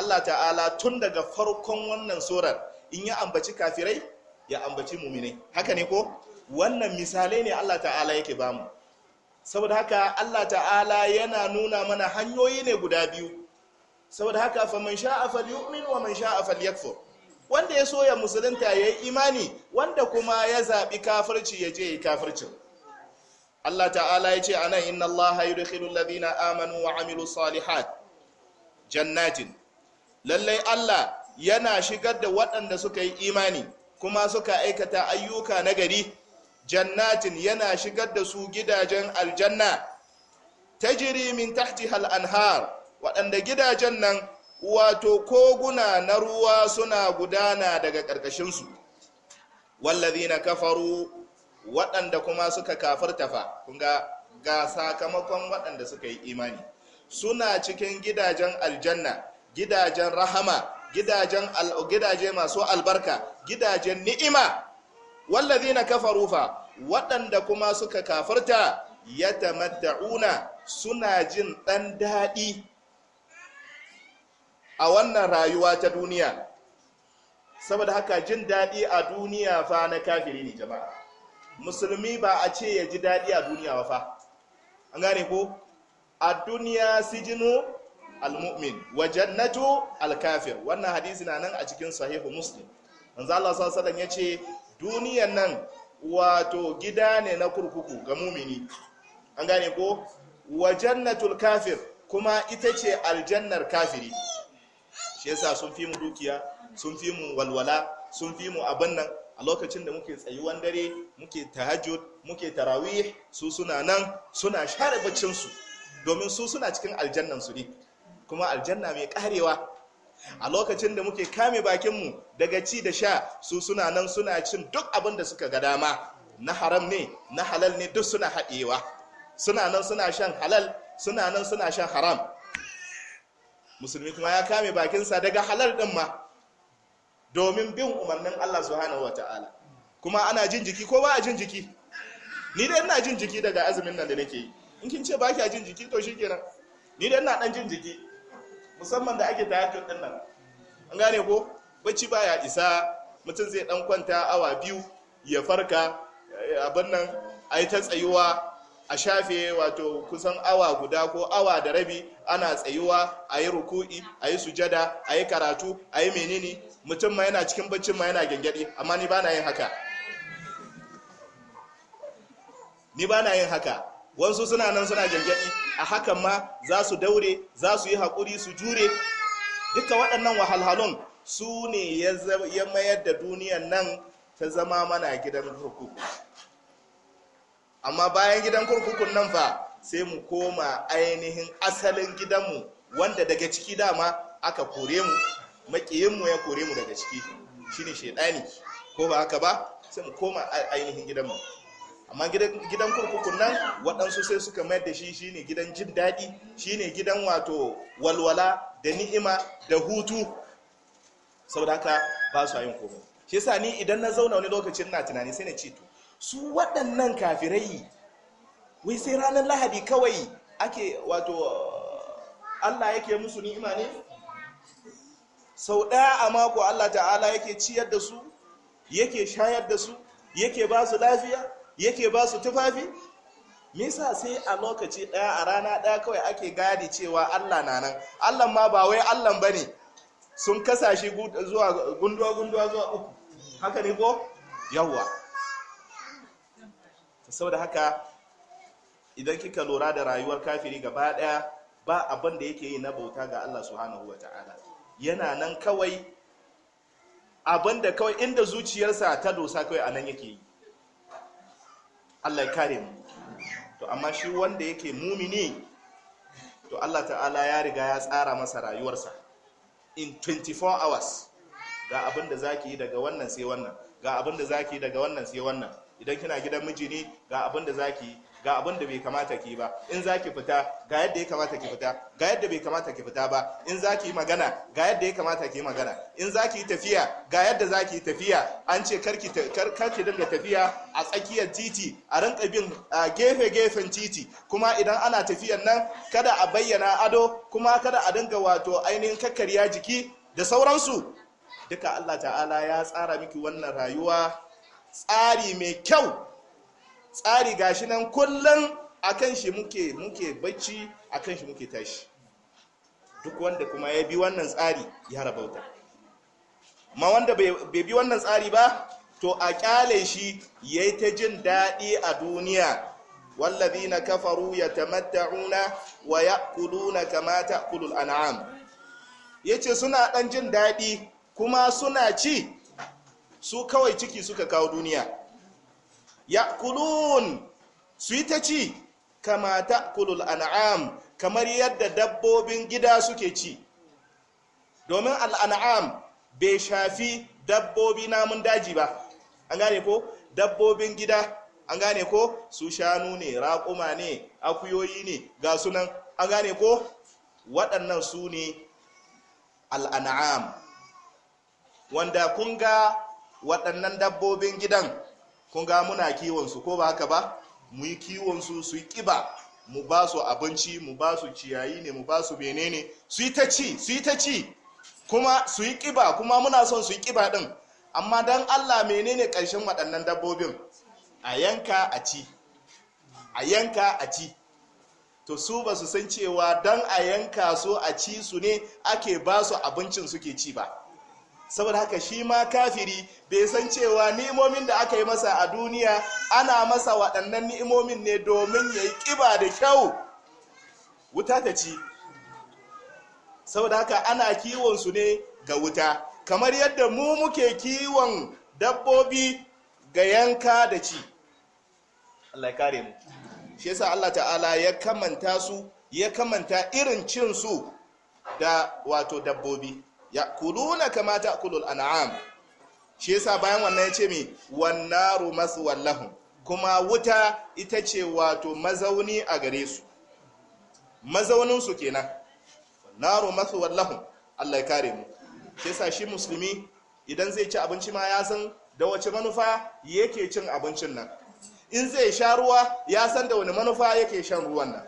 الله تعالى تندق فرقون ونن سورة إن يأمبتي كافرين ya ambaci mumini haka ne ko wannan misalai ne Allah ta'ala yake bamu saboda haka Allah ta'ala yana nuna mana hanyoyi ne guda biyu saboda haka faman sha'a falyu'min wa man sha'a falyakfur wanda ya so ya musulunta ya yi imani wanda kuma ya zaɓi kafirci ya je yi kafircin Allah ta'ala ya ce inna Allah yudkhilul ladina amanu wa amilu salihat jannatin lallai Allah yana shigar da waɗanda suka yi imani kuma suka aikata ayyuka na gari jannatin yana shigar da su gidajen aljanna tajiri min tahti hal anhar waɗanda gidajen nan wato koguna na ruwa suna gudana daga ƙarƙashinsu wallazina kafaru waɗanda kuma suka kafirta fa kunga ga sakamakon waɗanda suka yi imani suna cikin gidajen aljanna gidajen rahama gidajen gidaje masu albarka gidajen ni'ima na kafa rufa waɗanda kuma suka kafarta yatamatta'una suna jin ɗan daɗi a wannan rayuwa ta duniya saboda haka jin daɗi a duniya fa na kafiri ne jama'a musulmi ba a ce ya ji daɗi a duniya fa an gane ko a duniya sijinu almu'min wa jannatu alkafir wannan hadisi na nan a cikin sahihu muslim manzo Allah sallallahu alaihi yace duniyan nan wato gida ne na kurkuku ga mumini an gane ko wa jannatul kafir kuma ita ce aljannar kafiri shi yasa sun fi mu dukiya sun fi mu walwala sun fi mu abin nan a lokacin da muke tsayuwan dare muke tahajjud muke tarawih su suna nan suna share baccin su domin su suna cikin aljannan su ne kuma aljanna mai karewa a lokacin da muke kame bakinmu daga ci da sha su suna nan suna cin duk abin da suka ga dama na haram ne na halal ne duk suna haɗewa suna nan suna shan halal suna nan suna shan haram musulmi kuma ya kame bakinsa daga halal ɗin ma domin bin umarnin allah wa Ta'ala. kuma ana jin jiki ko ba a jin jiki ni dai ina jin jiki daga azumin nan da nake yi in kin ce ba kya jin jiki to shi kenan ni dai ina dan jin jiki musamman da ake tayar din nan an gane ko bacci baya isa mutum zai dan kwanta awa biyu ya farka eh, abin nan a yi ta tsayuwa a shafe wato kusan awa guda ko awa da rabi ana tsayuwa a yi ruku'i a yi sujada a yi karatu a yi menene mutum ma yana cikin baccin ma yana gyangyaɗe. amma ni ba na yin haka ni ba na yin haka wasu suna nan suna gyangyaɗi a hakan ma za su daure za su yi haƙuri su jure duka waɗannan wahalhalun su ne ya mayar da duniyan nan ta zama mana gidan kurkuku amma bayan gidan kurkukun nan fa sai mu koma ainihin asalin gidanmu wanda daga ciki dama aka kore mu makiyinmu ya kore mu daga ciki shine shaidani ko ba haka ba sai mu koma ainihin gidanmu amma gidan kurkukun nan waɗansu sai suka mayar da shi shine gidan jin daɗi shine gidan wato walwala da ni'ima da hutu da haka ba su yin komai shi sa ni idan na zauna wani lokacin na tunani sai na ce to su waɗannan kafirai wai sai ranar lahadi kawai ake wato Allah yake musu ni'ima ne sau ɗaya a mako Allah ta'ala yake ciyar da su yake shayar da su yake ba su lafiya yake ba su tufafi misa sai a lokaci daya a rana daya kawai ake gadi cewa allah na nan allah ma ba wai allah ba ne sun kasa shi zuwa gunduwa-gunduwa zuwa uku haka ne ko yawwa saboda haka idan kika lura da rayuwar kafiri gaba daya ba abin da yake yi na bauta ga allah subhanahu wa ta'ala yana nan kawai abin da kawai inda zuciyarsa ta dosa kawai a nan yake yi Allah ya kare mu to amma shi wanda yake mumini to Allah ta'ala ya riga ya tsara masa rayuwarsa in 24 hours ga abin da zaki yi daga wannan sai wannan ga abin da zaki yi daga wannan sai wannan idan kina gidan miji ne ga abin da zaki yi ga abin da bai kamata ki ba in za ki fita ga yadda ya kamata ki fita ga yadda bai kamata ki fita ba in za ki magana ga yadda ya kamata ki magana in za ki tafiya ga yadda za ki tafiya an ce kar ki dinga tafiya a tsakiyar titi a rinka bin gefe gefen titi kuma idan ana tafiyan nan kada a bayyana ado kuma kada a dinga wato ainihin kakkarya jiki da sauransu duka Allah ta'ala ya tsara miki wannan rayuwa tsari mai kyau tsari gashi nan kullum a kan shi muke muke bacci kan shi muke tashi duk wanda kuma ya bi wannan tsari ya rabauta ma wanda bai bi wannan tsari ba to a kyale shi ya yi ta jin daɗi a duniya Wallabi na ya ya na na kamata كما تأكل Ya ce suna ɗan jin daɗi kuma suna ci su kawai ciki suka kawo duniya Ya ya'kulun su yi ta ci kama kulul an'am kamar yadda dabbobin gida suke ci domin al'an'am bai shafi dabbobi namun daji ba an gane ko dabbobin gida an gane ko su shanu ne raƙuma ne akuyoyi ne ga sunan an gane ko waɗannan su ne al'an'am wanda kun ga waɗannan dabbobin gidan kun ga muna kiwon ko ba haka ba mu yi kiwon su su yi kiba mu ba su abinci mu ba su ciyayi ne mu ba su menene su yi ta ci su yi ta ci kuma su yi kiba kuma muna son su yi kiba din amma don Allah menene ƙarshen waɗannan dabbobin a yanka a ci a yanka a ci to su ba su san cewa don a yanka su a ci su ne ake ba su abincin suke ci ba saboda haka shi ma kafiri bai san cewa ni'imomin da aka yi masa a duniya ana masa waɗannan ni'imomin ne domin ya yi ƙiba da kyau wuta ta ci saboda haka ana kiwon su ne ga wuta kamar yadda mu muke kiwon dabbobi ga yanka da ci Allah ya kare mu shi yasa Allah ta'ala ya kamanta su ya kamanta irin cin su da wato dabbobi Ya ya'kuluna kama kulul an'am shi yasa bayan wannan ce me wannaru maswal lahum kuma wuta ita ce wato mazauni a gare su mazaunin su kenan naru maswal lahum Allah ya kare mu shi yasa shi musulmi idan zai ci abinci ma ya san da wace manufa yake cin abincin nan in zai sha ruwa ya san da wani manufa yake shan ruwan nan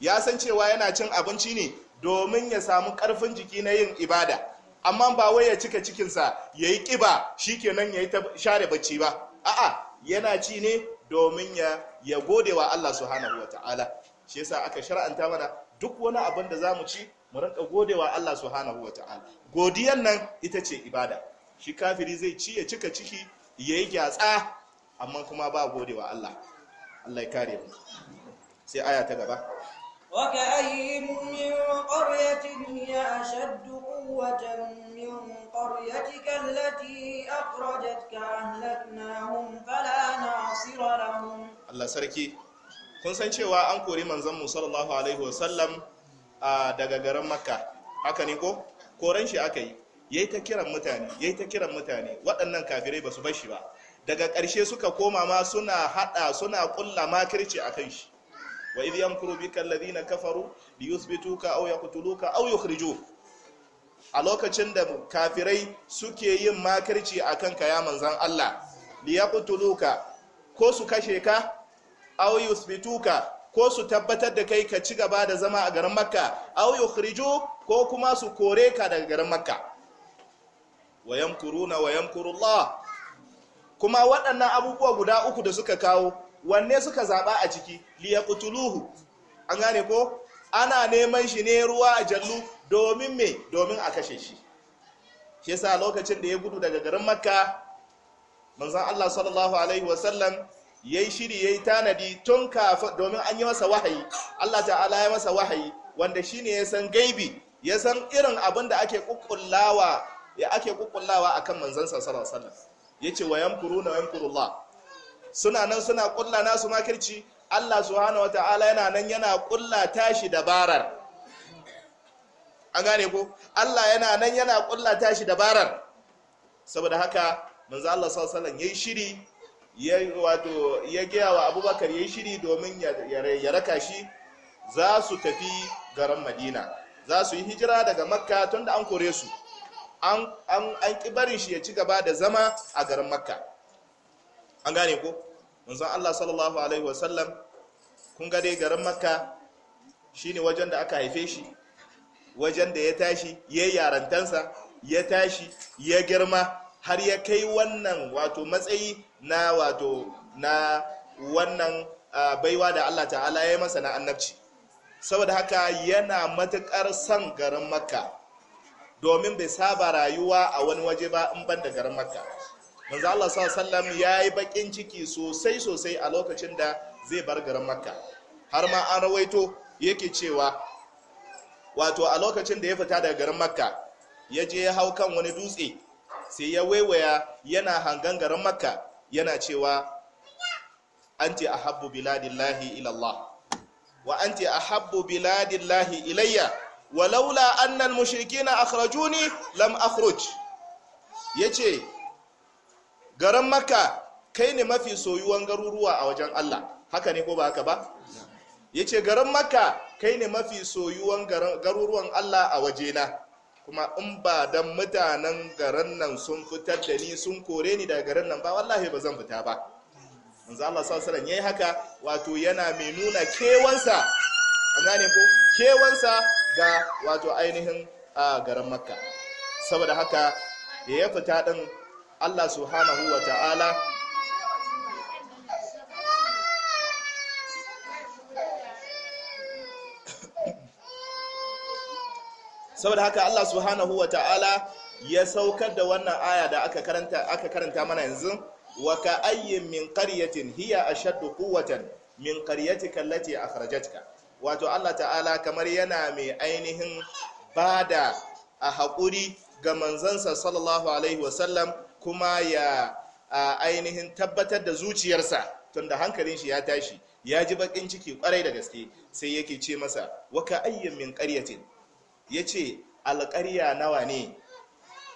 ya san cewa yana cin abinci ne domin ya samu ƙarfin jiki na yin ibada amma ba wai ya cika cikinsa ya yi ƙiba shi kenan ya yi share bacci ba a'a yana ci ne domin ya gode wa Allah subhanahu wa ta'ala shi yasa aka shar'anta mana duk wani abin da za mu ci mu rinka gode wa Allah subhanahu wa ta'ala godiyan nan ita ce ibada shi kafiri zai ci ya cika ciki ya yi gyatsa amma kuma ba gode wa Allah Allah ya kare mu sai aya ta gaba وكأي من قرية هي أشد قوة من قريتك التي أخرجتك أهلكناهم فلا ناصر لهم الله سركي kun san cewa an kori manzon mu sallallahu alaihi wasallam daga garin makka haka ne ko koren shi aka yi yayi ta kiran mutane yayi ta kiran mutane waɗannan kafirai ba su bar shi ba daga ƙarshe suka koma ma suna hada suna kulla makirci akan shi wa idh yamkuru bika alladhina kafaru liyuthbituka aw yaqtuluka aw yukhrijuk a lokacin da kafirai suke yin makirci akan ka ya manzan Allah liyaqtuluka ko su kashe ka aw yuthbituka ko su tabbatar da kai ka ci gaba da zama a garin makka aw yukhriju ko kuma su kore ka daga garin makka wa yamkuruna wa Allah kuma waɗannan abubuwa guda uku da suka kawo wanne suka zaba a ciki Liya kutuluhu. an gane ko ana neman shi ne ruwa a jallu domin me domin a kashe shi shi yasa lokacin da ya gudu daga garin makka manzan Allah sallallahu alaihi wasallam yi shiri yi tanadi tun kafa domin an yi masa wahayi Allah ta'ala ya masa wahayi wanda shi ne ya san gaibi ya san irin abin da ake kukkullawa ya ake kukkullawa akan manzon sallallahu alaihi wasallam ce wa yamkuruna wa yamkurullah suna nan suna kulla nasu makirci Allah subhanahu wata'ala yana nan yana kulla tashi dabarar an gane ko Allah yana nan yana kulla tashi dabarar saboda haka manzo Allah sallallahu alaihi wasallam yayi shiri ya wato ya gaya wa Abubakar yayi shiri domin ya raka shi za su tafi garin Madina za su yi hijira daga Makka tunda an kore su an an barin shi ya ci gaba da zama a garin Makka an gane ko manzon Allah sallallahu alaihi wa sallam kun ga dai garin makka shine wajen da aka haife shi wajen da ya tashi ya yarantansa ya tashi ya girma har ya kai wannan wato matsayi na wato na wannan baiwa da Allah ta'ala ya masa na annabci saboda haka yana matukar son garin makka domin bai saba rayuwa a wani waje ba in banda garin makka manzo Allah sallallahu ya yi bakin ciki sosai sosai a lokacin da zai bar garin makka har ma an rawaito yake cewa wato a lokacin da ya fita daga garin makka ya je ya hau kan wani dutse sai ya waiwaya yana hangan garin makka yana cewa anti ahabbu biladillahi ila Allah wa anti ahabbu biladillahi ilayya walaula anna al-mushrikeena akhrajuni lam akhruj yace garin makka kai ne mafi soyuwan garuruwa a wajen allah haka ne ko ba haka ba ya ce garin makka kai ne mafi soyuwan garuruwan allah a wajena kuma in ba don mutanen garin nan sun fitar da ni sun kore ni daga garin nan ba wallahi ba zan fita ba manzo Allah s.a ya yi haka wato yana mai nuna kewansa an gane ko kewansa ga wato ainihin a ah, garin Makka saboda haka da ya fita din Allah subhanahu wa ta'ala saboda haka Allah subhanahu wa ta'ala ya saukar da wannan aya da aka karanta aka karanta mana yanzu wa ka ayyin min qaryatin hiya ashaddu quwwatan min qaryatika allati akhrajatka wato Allah ta'ala kamar yana mai ainihin bada a haƙuri ga manzansa sallallahu alaihi wasallam kuma ya ainihin tabbatar da zuciyarsa tunda hankalin shi ya tashi ya ji bakin ciki kwarai da gaske sai yake ce masa waka ayyan min ya ce alƙarya nawa ne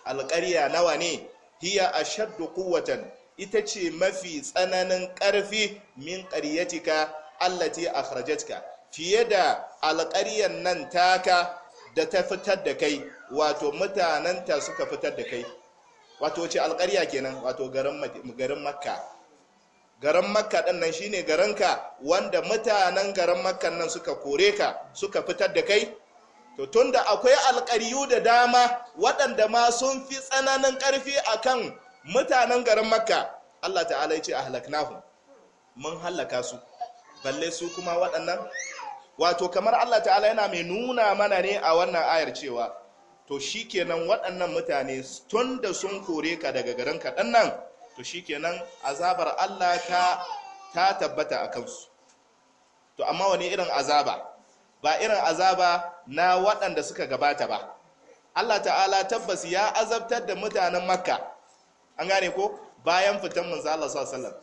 alƙarya nawa ne hiya a shaddu quwwatan ita ce mafi tsananin ƙarfi min qaryatika allati akhrajatka fiye da alƙaryan nan taka da ta fitar da kai wato mutanenta suka fitar da kai wato wace alƙarya kenan wato garin makka garin makka ɗan nan shine garinka wanda mutanen garin makka nan suka kore ka suka fitar da kai to tunda akwai alƙaryu da dama waɗanda ma sun fi tsananin ƙarfi akan mutanen garin makka allah ta'ala ya ce ahlaknahum mun hallaka su balle su kuma waɗannan wato kamar allah ta'ala yana mai nuna mana ne a wannan ayar cewa to shikenan waɗannan mutane tun da sun kore ka daga garin kaɗan nan to shikenan azabar Allah ta ta tabbata a kansu to amma wani irin azaba ba irin azaba na waɗanda suka gabata ba Allah ta'ala tabbas ya azabtar da mutanen makka an gane ko bayan fitan manzo Allah sallallahu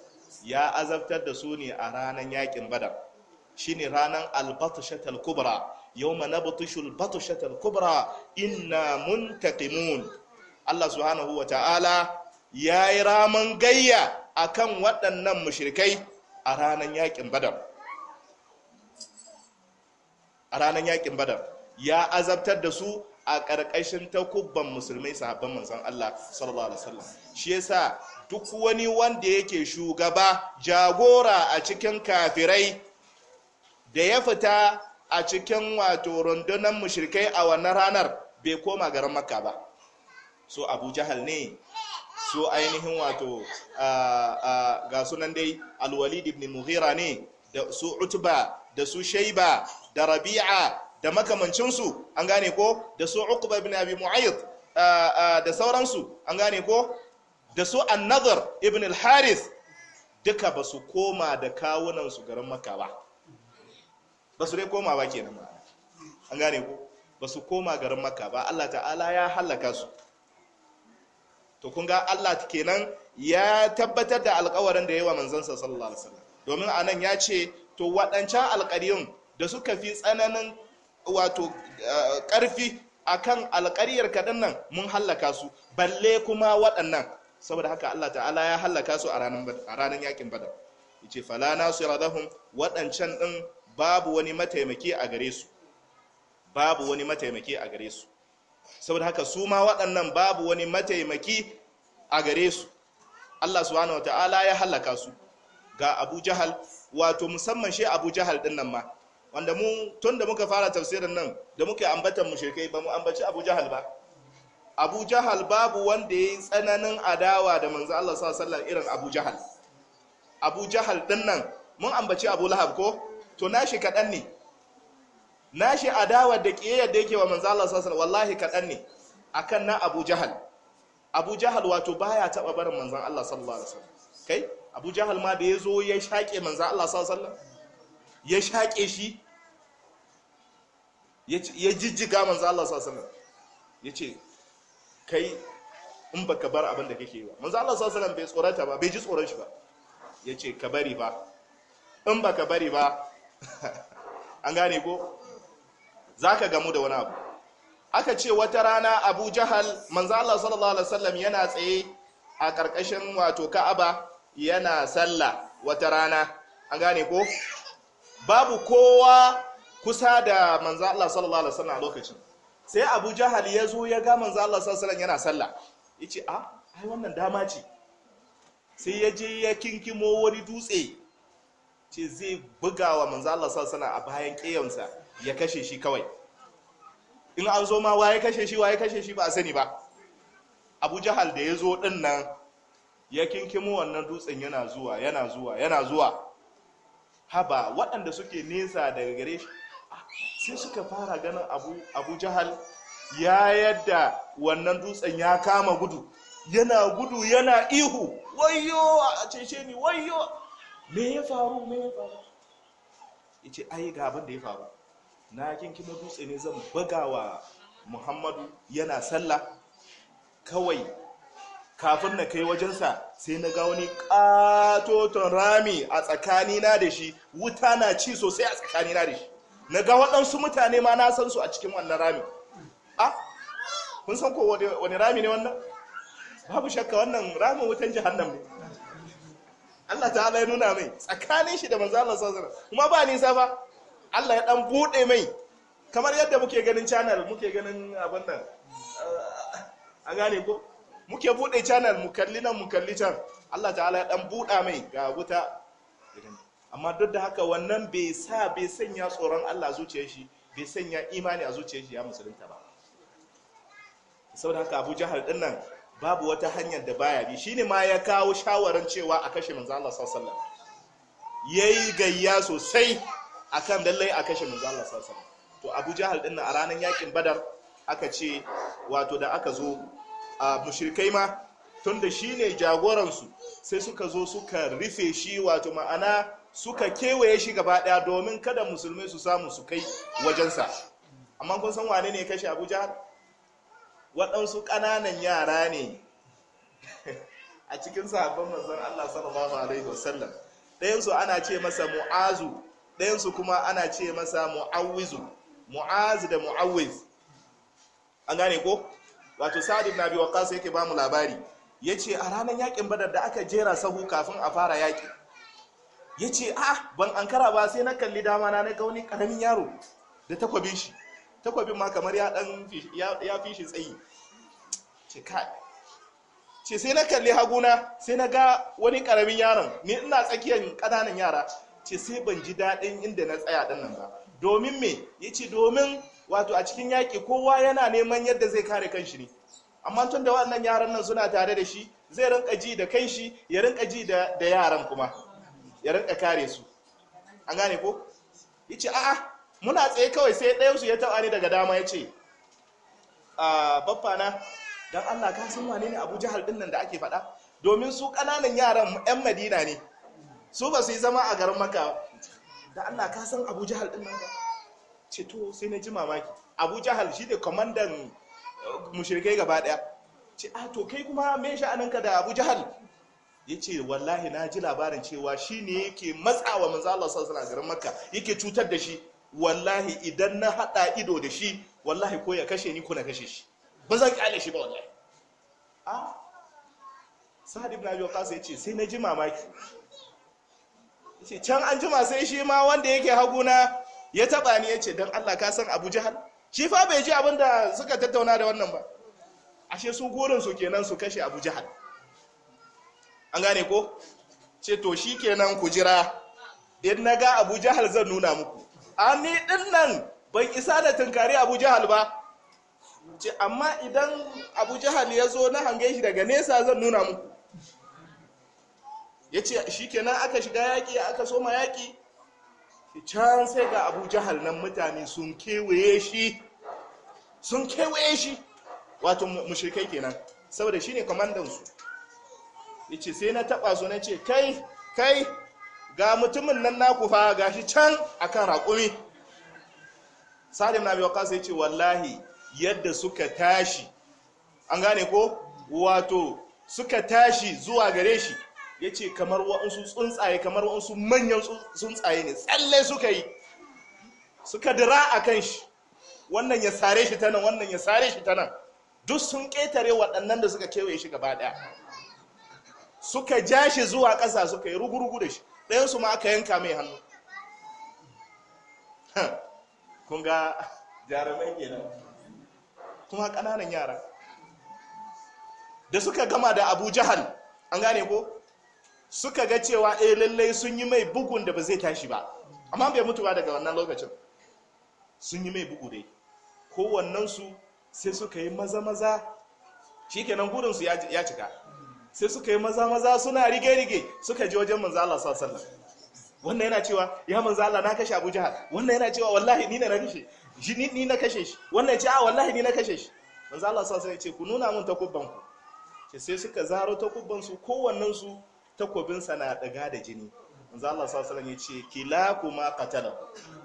ya azabtar da su ne a ranar yakin badar shine ranar al-batshatul kubra yawma nabtishul batushatal kubra inna mun. Allah subhanahu wa ta'ala yi raman gayya akan waɗannan mushrikai a ranar yakin badar a ranar badar ya azabtar da su a ƙarƙashin takubban musulmai sahabban manzon Allah sallallahu alaihi wasallam shi yasa duk wani wanda yake shugaba jagora a cikin kafirai da ya fita a cikin wato rundunan mushrikai a wannan ranar bai koma garin makka ba so abu jahal ne so ainihin wato ga sunan dai alwalid ibn mughira ne da su utba da su shaiba da rabi'a da makamancinsu an gane ko da su uqba ibn abi mu'ayyid da sauransu an gane ko da su annadar ibn al-haris duka ba su koma da kawunan su garin makka ba ba su dai koma ba kenan ma an gane ku ba su koma garin makka ba allah ta'ala ya halaka su to kun ga allah kenan ya tabbatar da alkawarin da ya yi wa manzansa sallallahu alaihi wasallam domin anan ya ce to waɗancan alƙaryun da suka fi tsananin wato eh, ƙarfi akan alƙaryar kaɗan nan mun hallaka su balle kuma waɗannan saboda haka Allah ta'ala ya hallaka su a ranar yakin badar yace fala nasira lahum waɗancan ɗin babu wani mataimaki a gare su babu wani mataimaki a gare su saboda haka su ma waɗannan babu wani mataimaki a gare su Allah subhanahu wata'ala ya halaka su ga Abu Jahal wato musamman shi Abu Jahal din nan ma wanda mu tun da muka fara tafsirin nan da muka ambatan mushrikai ba mu ambaci Abu Jahal ba Abu Jahal babu wanda yayi tsananin adawa da manzo Allah sallallahu alaihi wasallam irin Abu Jahal Abu Jahal din nan mun ambaci Abu Lahab ko to nashi kaɗan ne nashi adawa da ƙiyayyar da yake wa manzo Allah sallallahu wallahi kaɗan ne akan na Abu Jahal Abu Jahal wato baya taɓa barin Manzan Allah sallallahu alaihi wasallam kai Abu Jahal ma da ya zo ya shaƙe Manzan Allah sallallahu alaihi wasallam ya shaƙe shi ya jijjiga Manzan Allah sallallahu alaihi wasallam kai in baka bar abin da kake yi ba manzo Allah sallallahu alaihi wasallam bai tsorata ba bai ji tsoron shi ba Ya ce ka bari ba in baka bari ba an gane ko za ka gamu da wani abu aka ce wata rana abu jahal manzo Allah sallallahu alaihi wasallam yana tsaye a karkashin wato ka'aba yana sallah wata rana an gane ko babu kowa kusa da manza Allah sallallahu alaihi wasallam a lokacin sai abu jahal ya zo ya ga manza Allah sallallahu alaihi wasallam yana sallah yace a ah, ai wannan dama ce sai ya je ya kinkimo wani dutse ce zai buga manzo Allah sallallahu a bayan ƙeyonsa ya kashe shi kawai in an zo ma waye kashe shi waye kashe shi ba a sani ba Abu Jahal da ya zo din nan ya kinkimo wannan dutsen yana zuwa yana zuwa yana zuwa haba waɗanda suke nesa daga gare shi sai suka fara ganin Abu Abu Jahal ya yadda wannan dutsen ya kama gudu yana gudu yana ihu wayo a cece ni wayo me ya faru me ya faru ya ce ai ga abin da ya faru na kinki na dutse ne zan buga wa muhammadu yana sallah kawai kafin na kai wajensa sai na ga wani katoton rami a tsakanina da shi wuta na ci sosai a tsakanina da shi na ga waɗansu mutane ma na san su a cikin wannan rami a kun san ko wani rami ne wannan babu shakka wannan ramin wutan jihannan ne Allah ta'ala ya nuna mai tsakanin shi da manzo Allah sallallahu kuma ba nisa ba Allah ya dan bude mai kamar yadda muke ganin channel muke ganin abin nan uh, a gane ko muke bude channel mu kalli nan mu kalli can Allah ta'ala ya dan buda mai ga wuta amma duk da haka wannan bai sa bai sanya tsoron Allah zuciyar shi bai sanya imani a zuciyar shi ya musulunta ba saboda haka Abu Jahal din nan babu wata hanyar da baya bi shine ma ya kawo shawaran cewa a kashe manzo Allah sallallahu alaihi wasallam yayi gayya sosai akan lallai a kashe manzo Allah sallallahu alaihi to Abu Jahal din a ranar yakin Badar aka ce wato da aka zo a mushrikai ma tunda shine jagoran su sai suka zo suka rufe shi wato ma'ana suka kewaye shi gaba daya domin kada musulmai su samu su kai wajensa amma kun san wane ne ya kashe Abu Jahal waɗansu ƙananan yara ne a cikin sahabban manzon Allah sallallahu alaihi wasallam ɗayansu ana ce masa mu'azu ɗayansu kuma ana ce masa Mu'awizu. mu'azu da mu'awwiz an gane ko wato sa'ad ibn abi waqqas yake ba mu labari yace a ranar yakin badar da aka jera sahu kafin a fara yaki yace a ah, ban ankara ba sai na kalli dama na na ga wani karamin yaro da takwabin shi takwabin ma kamar ya dan ya fi shi tsayi ce kai ce sai na kalli haguna sai na ga wani karamin yaron ni ina tsakiyar kananan yara ce sai ban ji daɗin inda na tsaya ɗin nan ba domin me ya ce domin wato a cikin yaƙi kowa yana neman yadda zai kare shi ne amma tun da waɗannan yaran nan suna tare da shi zai rinka ji da kanshi ya rinka ji da yaran kuma ya rinka kare su an gane ko ya ce a'a muna tsaye kawai sai ɗayansu ya taɓa ni daga dama ya ce ah, na don allah ka san wane ne abu jihar ɗin nan da ake faɗa domin su ƙananan yaran 'yan madina ne su ba su yi zama a garin maka da allah ka san abu jihar ɗin nan ce to sai na ji mamaki abu jihar shi ne kwamandan uh, mushirkai gaba ɗaya ce a ah, to kai kuma me sha'aninka da abu jihar ya ce wallahi na ji labarin cewa shi ne yake matsawa manzo allah sallallahu garin makka yake cutar da shi wallahi idan na haɗa ido da shi wallahi ko ya kashe ni ko na kashe shi ba zan kyale shi ba wallahi a sa'ad ibn abi waqas yace sai na ji mamaki yace can an jima sai shi ma wanda yake haguna ya taba ni yace dan Allah ka san Abu Jahal shi fa bai ji abinda suka tattauna da wannan ba ashe su gurin su kenan su kashe Abu Jahal an gane ko ce to shikenan ku jira in na ga Abu Jahal zan nuna muku a ni din nan ban isa da tunkari abu jahal ba amma idan abu jahal ya zo na hange shi daga nesa zan nuna muku ya ce shi kenan aka shiga yaƙi aka soma yaƙi can sai ga abu jahal nan mutane sun kewaye shi sun kewaye shi wato mashirkai kenan saboda shi ne kwamandansu ya ce sai na taɓa su na ce kai kai ga mutumin nan naku fa gashi can akan raƙumi salim na biyu kasa ya ce wallahi yadda suka tashi an gane ko wato suka tashi zuwa gare shi ya ce kamar wa'ansu tsuntsaye kamar wa'ansu manyan tsuntsaye ne tsalle suka yi suka dira a kan shi wannan ya sare shi ta nan wannan ya sare shi ta nan duk sun ƙetare waɗannan da suka kewaye shi gaba ɗaya suka ja shi zuwa ƙasa suka yi rugurugu da shi ɗayansu ma aka yanka mai hannu kun ga jarumai kenan kuma ƙananan yara da suka gama da abu jihar an gane ko suka ga cewa e lallai sun yi mai bugun da ba zai tashi ba amma bai mutu ba daga wannan lokacin sun yi mai bugu dai kowannensu sai suka yi maza-maza shi kenan gudunsu ya cika sai suka yi maza maza suna rige rige suka je wajen Manzala sassan. sallallahu alaihi wasallam wannan yana cewa ya Manzala na kashe Abu Jahal wannan yana cewa wallahi ni ne na kashe shi ni ni na kashe shi wannan ce a ah, wallahi ni na kashe shi Manzala sassan sallallahu alaihi wasallam ya ce ku nuna mun takubban ku sai suka zaro takubban su kowannen su sa na daga da jini Manzala sassan sallallahu alaihi wasallam ya ce kilakuma qatala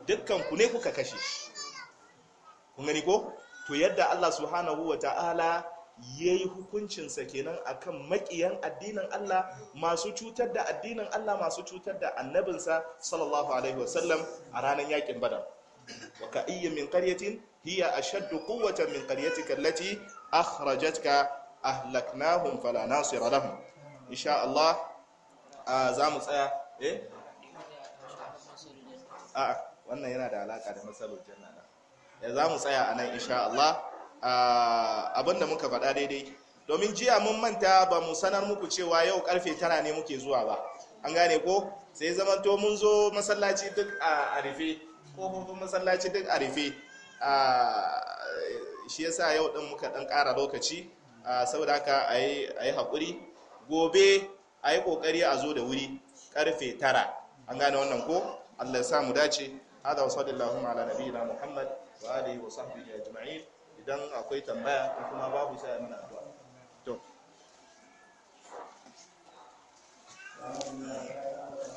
dukkan ku ne kuka kashe shi kun gani ko to yadda Allah subhanahu wa ta'ala ya yi hukuncinsa kenan akan makiyan addinin Allah masu cutar da addinin Allah masu cutar da annabinsa sallallahu alaihi wasallam a ranar yakin badar wa ka iya min karyatin hiya ashaddu quwwatan min qaryatika allati akhrajatka ahlaknahum fala nasira lahum insha Allah za mu tsaya eh a wannan yana da alaka da masalolin janna ya za mu tsaya anan insha Allah abin da muka faɗa daidai domin jiya mun manta ba mu sanar muku cewa yau karfe tara ne muke zuwa ba an gane ko sai zama to mun zo masallaci duk a arife ko masallaci duk a rufe shi yasa yau din muka dan ƙara lokaci saboda haka a yi haƙuri gobe a yi ƙoƙari a zo da wuri karfe tara an gane wannan ko allah ya sa mu dace hada wasu ala nabiyina muhammad wa alihi wa sahbihi jima'i. idan akwai tambaya ko kuma babu sai a mana addu'a to